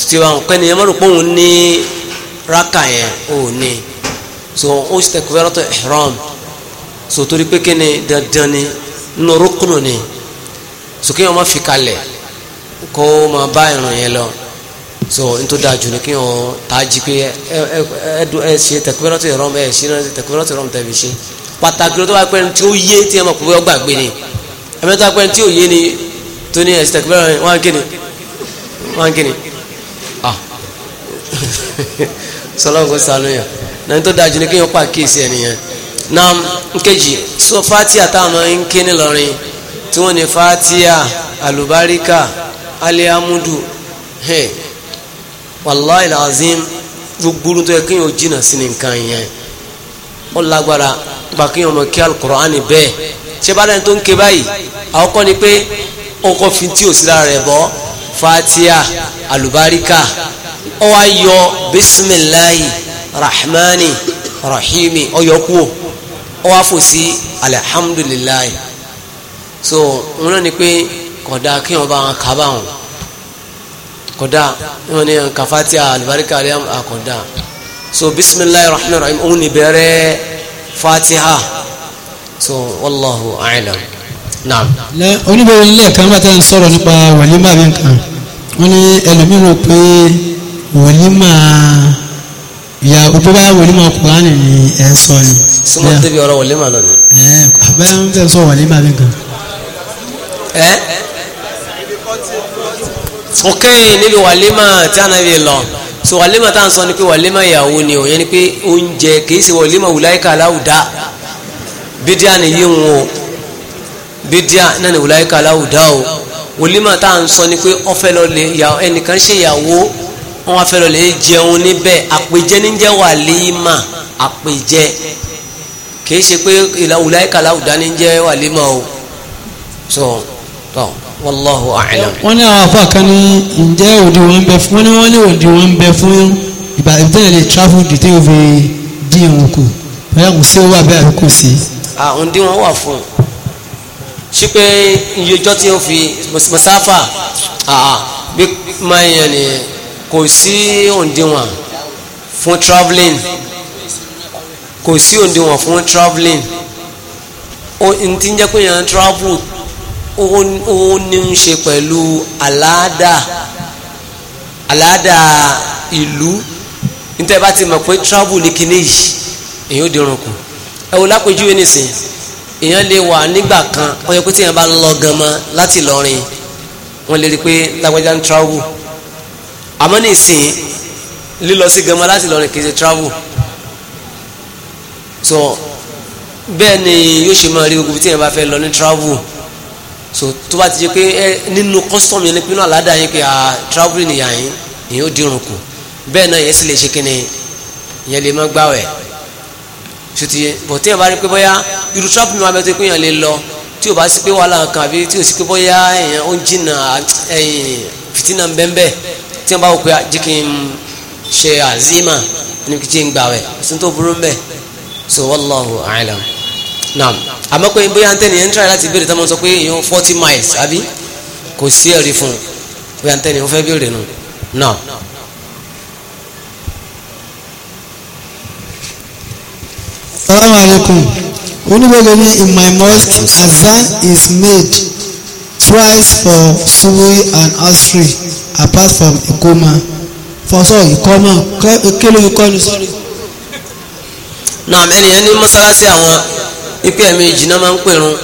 tí wọn kọ́ ẹni ẹ ní raka yẹn ò ní so ó ṣe tẹ̀kúbẹ́rọ̀ tó ihram so torí pé kí ni dandan ni nínú rúkúnù ni so kí wọn má fi kalẹ̀ kó máa bá ìrùn yẹn lọ so n tó dáa jù ní kí wọn ta jí pé ẹ ẹ ẹ ṣe tẹkubẹrọtì rọm ẹ ṣe náà tẹkubẹrọtì rọm tẹbi ṣe pàtàkì tó bá pẹ́ ní tí ó yé tí ẹ mọ̀ pé ó ni ẹ̀mẹ́ tó bá pẹ́ ní tí wọn kí wọn kí ah sọlọ́nkọ sanu yẹn náà n tó dáa jù ní kí wọn pàkíyèsí ẹ nìyẹn náà so fatia táwọn ń ké ní lọrin fatia alubarika aliamudu hẹ́ẹ̀ wàláì làzim gbogbooru tó yẹ kí yóò jìnnà sí ni nǹkan yẹn ó lágbára gba kí yóò mọ kí alukur'ani bẹ́ẹ̀ ṣé tó ń ké báyìí àwọn ni pé ó kọ́ fi tí ò síra rẹ̀ bọ́ fatia alubarika ó wá yọ bisimilahi rahmani rahimi ó yọ kú ó wá fò sí so wọn náà ni pé kọ̀dá kí wọn bá wọn kábàáwọn kódà wọn ni kàfàtì àlùbáríkà a àkọ́dà so bisimilayi rahman rahim òun ni bẹ̀rẹ̀ fatiha so wallahu a'lam naam. oníbẹ̀rẹ̀ ilé ẹ̀ka máa tẹ́ ń sọ̀rọ̀ nípa wàlímà bí nǹkan wọ́n ní ẹlòmíì rò pé wàlímà ìyá òpó bá wàlímà kùránì ni ẹ̀ ń sọ ni. súnmọ́ débi ọ̀rọ̀ wàlímà lọ ni. ẹ abẹ́rẹ́ ń tẹ́ ń wàlímà bí nǹkan. ẹ fọkẹ́yìn níbi wàlímà tí ànábì lọ so wàlímà tá à ń sọ ni pé wàlímà ìyàwó ni òun yẹn ni pé oúnjẹ kìí ṣe wàlímà wùláyíkà aláwùdá bídíà nìyí ń wò bídíà náà ni wùláyíkà aláwùdá o wàlímà tá à ń sọ ni pé ọfẹ́ lọ lè yàwó ẹnìkan ṣe ìyàwó wọn fẹ́ lọ lè jẹun níbẹ̀ àpèjẹ níjẹ́ wàlímà àpèjẹ kìí ṣe pé wùláyíkà aláwùdá níjẹ́ wàlímà o so tọ́. So wallahu a'lam. wọ́n ní àwọn afa kan ní ǹjẹ́ òde wọn bẹ fún wọ́n ní wọ́n ní òde wọn bẹ fún ìgbà ìbílẹ̀ lè travel di tí o fi dín òun kù bóyá kò sí owó abẹ́ àbí kò sí. àwọn dín wọn wà fún un ṣí pé iye ọjọ́ tí ó fi mọ̀sáfà bí máa ń yàn ni kò sí òǹdíwọ̀n fún travelling kò sí òǹdíwọ̀n fún travelling ó ti ń jẹ́ pé yàn travel òun ní ń ṣe pẹ̀lú àláàdà àláàdà ìlú nítorí bá ti mọ̀ pé travel ni kinní yìí èyàn ó dirun kù ẹ wò lápèjúwe nìsín èyàn lè wà nígbà kan wọ́n yẹ pé tí èyàn bá lọ gan mọ́ láti Ìlọrin wọ́n lè rí i pé lágbájá ń travel àmọ́ nìsín lílọ sí gan mọ́ láti Ìlọrin kì í ṣe travel so bẹ́ẹ̀ ni yóò ṣe máa rí gbogbo tí èyàn bá fẹ́ lọ ní travel so tó bá ti jẹ́ pé ẹ nínú custom yẹn ni pinnu àládà yẹn pé ah travelling yà yín yẹn ó dirun kù bẹ́ẹ̀ náà yẹn sì lè ṣe kíni yẹn lè má gbàwẹ̀ ṣùtì bọ̀ tí yẹn bá rí pé bóyá irú travelling wa bẹ́ẹ̀ tó pé yẹn lè lọ tí o bá sí pé wàhálà kan àbí tí o sì pé bóyá èèyàn ó ń jìnnà ẹ̀yìn fìtínà ń bẹ́ẹ̀ tí wọ́n bá wò pé jẹ́ kí n ṣe àzímà ní kí n gbàwẹ̀ sí tó burú ń bẹ̀ so wallahu a'lam naam àmọ́ pé bóyá ń tẹ́nìyẹn ń tíra láti béèrè táwọn sọ pé èèyàn forty miles àbí kò sí ẹ̀rí fún un bóyá ń tẹ́nìyẹn fẹ́ béèrè nù naam. salamu alaikum oníbẹ̀rẹ̀ ní in my mosque azan is made twice for suwi and asri apart from ikoma for so ikoma kí ló Sorry. kọ́ ni sọ́rí. naam ẹnìyẹn ní mọ́sálásí àwọn ipe ẹ̀mejì náà máa ń pèrun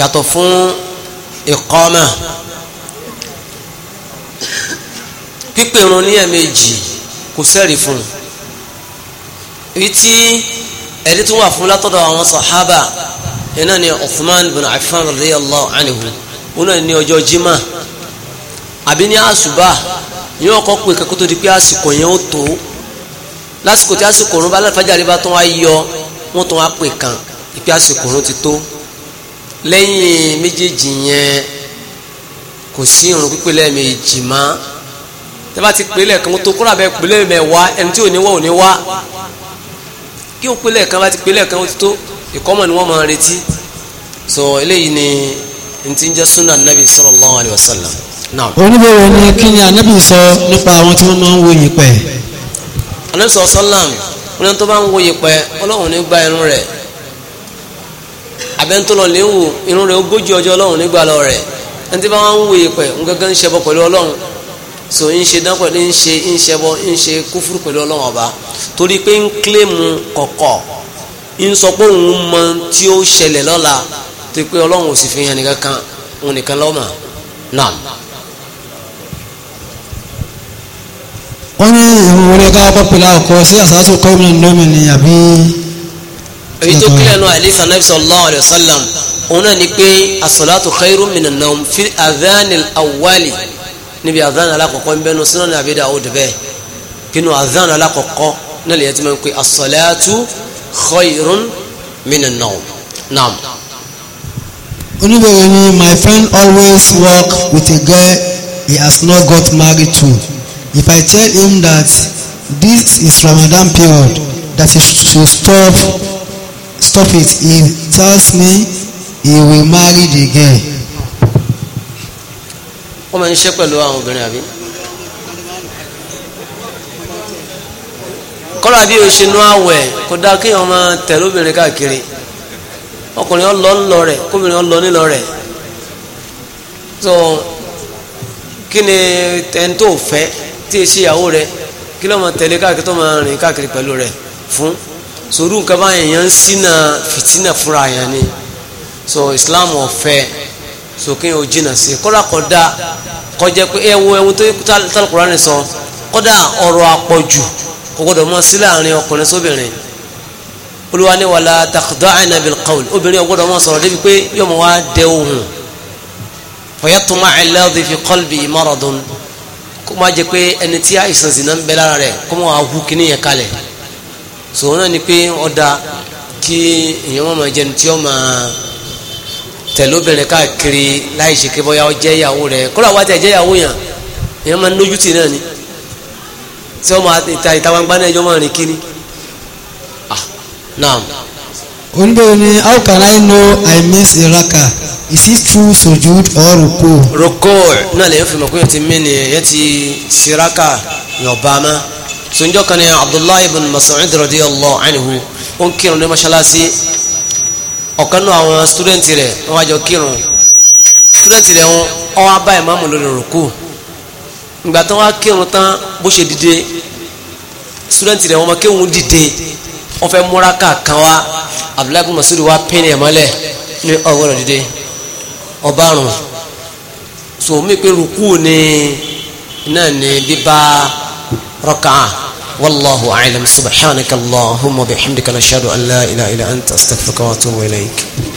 yàtọ̀ fún ìkọ́mà pípèrun ní ẹ̀mejì kò sẹ́rì fún un èyí tí ẹ̀rí tún wà fún látọ̀dọ̀ àwọn sàhábà iná ni Uthman bin Affan radiyallahu anhu wọn ní ọjọ́ jimá àbí ní àṣùbà ní ọkọ̀ pé kẹ́kọ́ tó di pé àsìkò yẹn ó tó lásìkò tí àsìkò òrùn bá lẹ́fàjáde bá tún wá yọ wọ́n tún wá pè kàn ipe àsìkò òun ti tó lẹ́yìn méjèèjì yẹn kò sí irun pípé lẹ́ẹ̀mejì mọ́ tẹ́bá ti pè lẹ́ẹ̀kan tó kúrò abẹ́ pè lẹ́ẹ̀mẹ̀wá ẹni tí ò ní wá ò ní wá kí ó pè lẹ́ẹ̀kan bá ti pè lẹ́ẹ̀kan ó ti tó ìkọ́mọ̀ ni wọ́n máa retí so eléyìí ni n ti ń jẹ́ sunna nabi sallallahu alayhi wa sallam naam. oníbẹ̀rẹ̀ ni kí ni anabi sọ nípa àwọn tí wọ́n máa ń wo yìí pẹ́. anabi sọ sọ́làm wọn tó bá ń wo yìí pẹ́ ọlọ́run ní gba irun rẹ̀ abẹ́ntọ́lọ̀ lè ń wò irun rẹ̀ ogójì ọjọ́ ọlọ́run nígbà lọ rẹ̀ ẹni tí bá wọn ń wò yìí pẹ̀ ń gángan ń ṣẹbọ pẹ̀lú ọlọ́run so ń ṣe dán pẹ̀lú ń ṣe ń ṣẹbọ ń ṣe kúfúrú pẹ̀lú ọlọ́run ọba torí pé ń kílèmù kọ̀kọ̀ ń sọ pé òun mọ tí ó ṣẹlẹ̀ lọ́la tó pé ọlọ́run ò sì fi hàn nìkan kan òun nìkan lọ́mọ náà. wọ́n ní ìwúrẹ́ ká ọkọ̀ sí àṣà tó kọ́ àbí èyí tó kílẹ̀ nù àdìsí anabi sallallahu alayhi wa sallam òun náà ni pé as-salatu khayrun minan nawm fi adhanil awwali níbi adhan alakọ̀kọ́ ń bẹ́nu Sunan Abi Dawud bẹ́ẹ̀ kínú adhan alakọ̀kọ́ náà lè yẹ ti máa ń pè as-salatu naam. oníbẹ̀rẹ̀ ni my friend always work with a girl he has not got married to if I tell him that this is Ramadan period that he should stop stop it he tells me he will marry the girl. wọ́n máa ń ṣe pẹ̀lú àwọn obìnrin àbí. kọ́lá bí o ṣe nú àwẹ̀ kó dá kéèyàn máa tẹ̀lé obìnrin káàkiri ọkùnrin ọlọ ńlọ rẹ̀ kóbìnrin ọlọ nílọ rẹ̀ tó kí ni ẹni tó fẹ́ tí e ṣe ìyàwó rẹ̀ kí ló máa tẹ̀lé káàkiri tó máa rìn káàkiri pẹ̀lú rẹ̀ fún sòrú nǹkan báyìí èèyàn ń sínà fìtínà fúnra yẹn ni so islam ọ̀fẹ́ so kéèyàn ò jìnà sí i kọ́dà kọ́dà kọjá pé ẹ wo ẹ̀wọ̀n tó yẹ tálùkùrán ni sọ kọ́dà ọ̀rọ̀ àpọ̀jù kò gbọ́dọ̀ mọ́ sí láàrin ọkùnrin sóbìnrin olúwa ni wàlá takhda'na bil qawl obìnrin ò gbọ́dọ̀ mọ́ sọ̀rọ̀ débi pé yóò mọ̀ dẹ ohun fayatma alladhi fi qalbi maradun kó má jẹ pé ẹni tí àìsàn zìnnà ń bẹ lára rẹ̀ kó mọ̀ wá hu kíní yẹn kalẹ̀ sòwòn náà ni pé ọ̀dà kí èèyàn máa máa jẹun tí ó máa tẹ̀lé káàkiri láì ṣe kí bọ́yá ó jẹ́ ìyàwó rẹ̀ kódà wá jẹ́ ìyàwó yàn èèyàn máa lójú tì náà ni tí ó máa ta ìta gbangba náà ẹjọ́ máa rìn kí ni. Ah, naam. ni how can I know I miss a raka is it true sojud or ruku. ruku náà lè fi mọ̀ pé yẹn ti mí ni yẹn ti ṣe raka yọ̀ọ̀bá sunjọ kan ni abdullahi ibn mas'ud radiyallahu anhu ó ń kírun ní mọ́ṣáláṣí ọ̀kan náà àwọn sítúdẹ̀ǹtì rẹ̀ wọ́n àjọ kírun sítúdẹ̀ǹtì rẹ̀ wọn ọwọ́ abá ìmáàmù lórí rùkú ìgbà tán wá kírun tán bó ṣe dìde sítúdẹ̀ǹtì rẹ̀ wọn máa kéwọn dìde wọ́n fẹ́ múra káàkan wá abdullahi ibn mas'ud wá pínlẹ̀ mọ́lẹ̀ ní ọgbọ́dọ̀ dìde ọbaarun so mi pe ruku ni náà ni bíbá rọkàn. والله أعلم سبحانك اللهم وبحمدك نشهد أن لا إله إلا أنت أستغفرك وأتوب إليك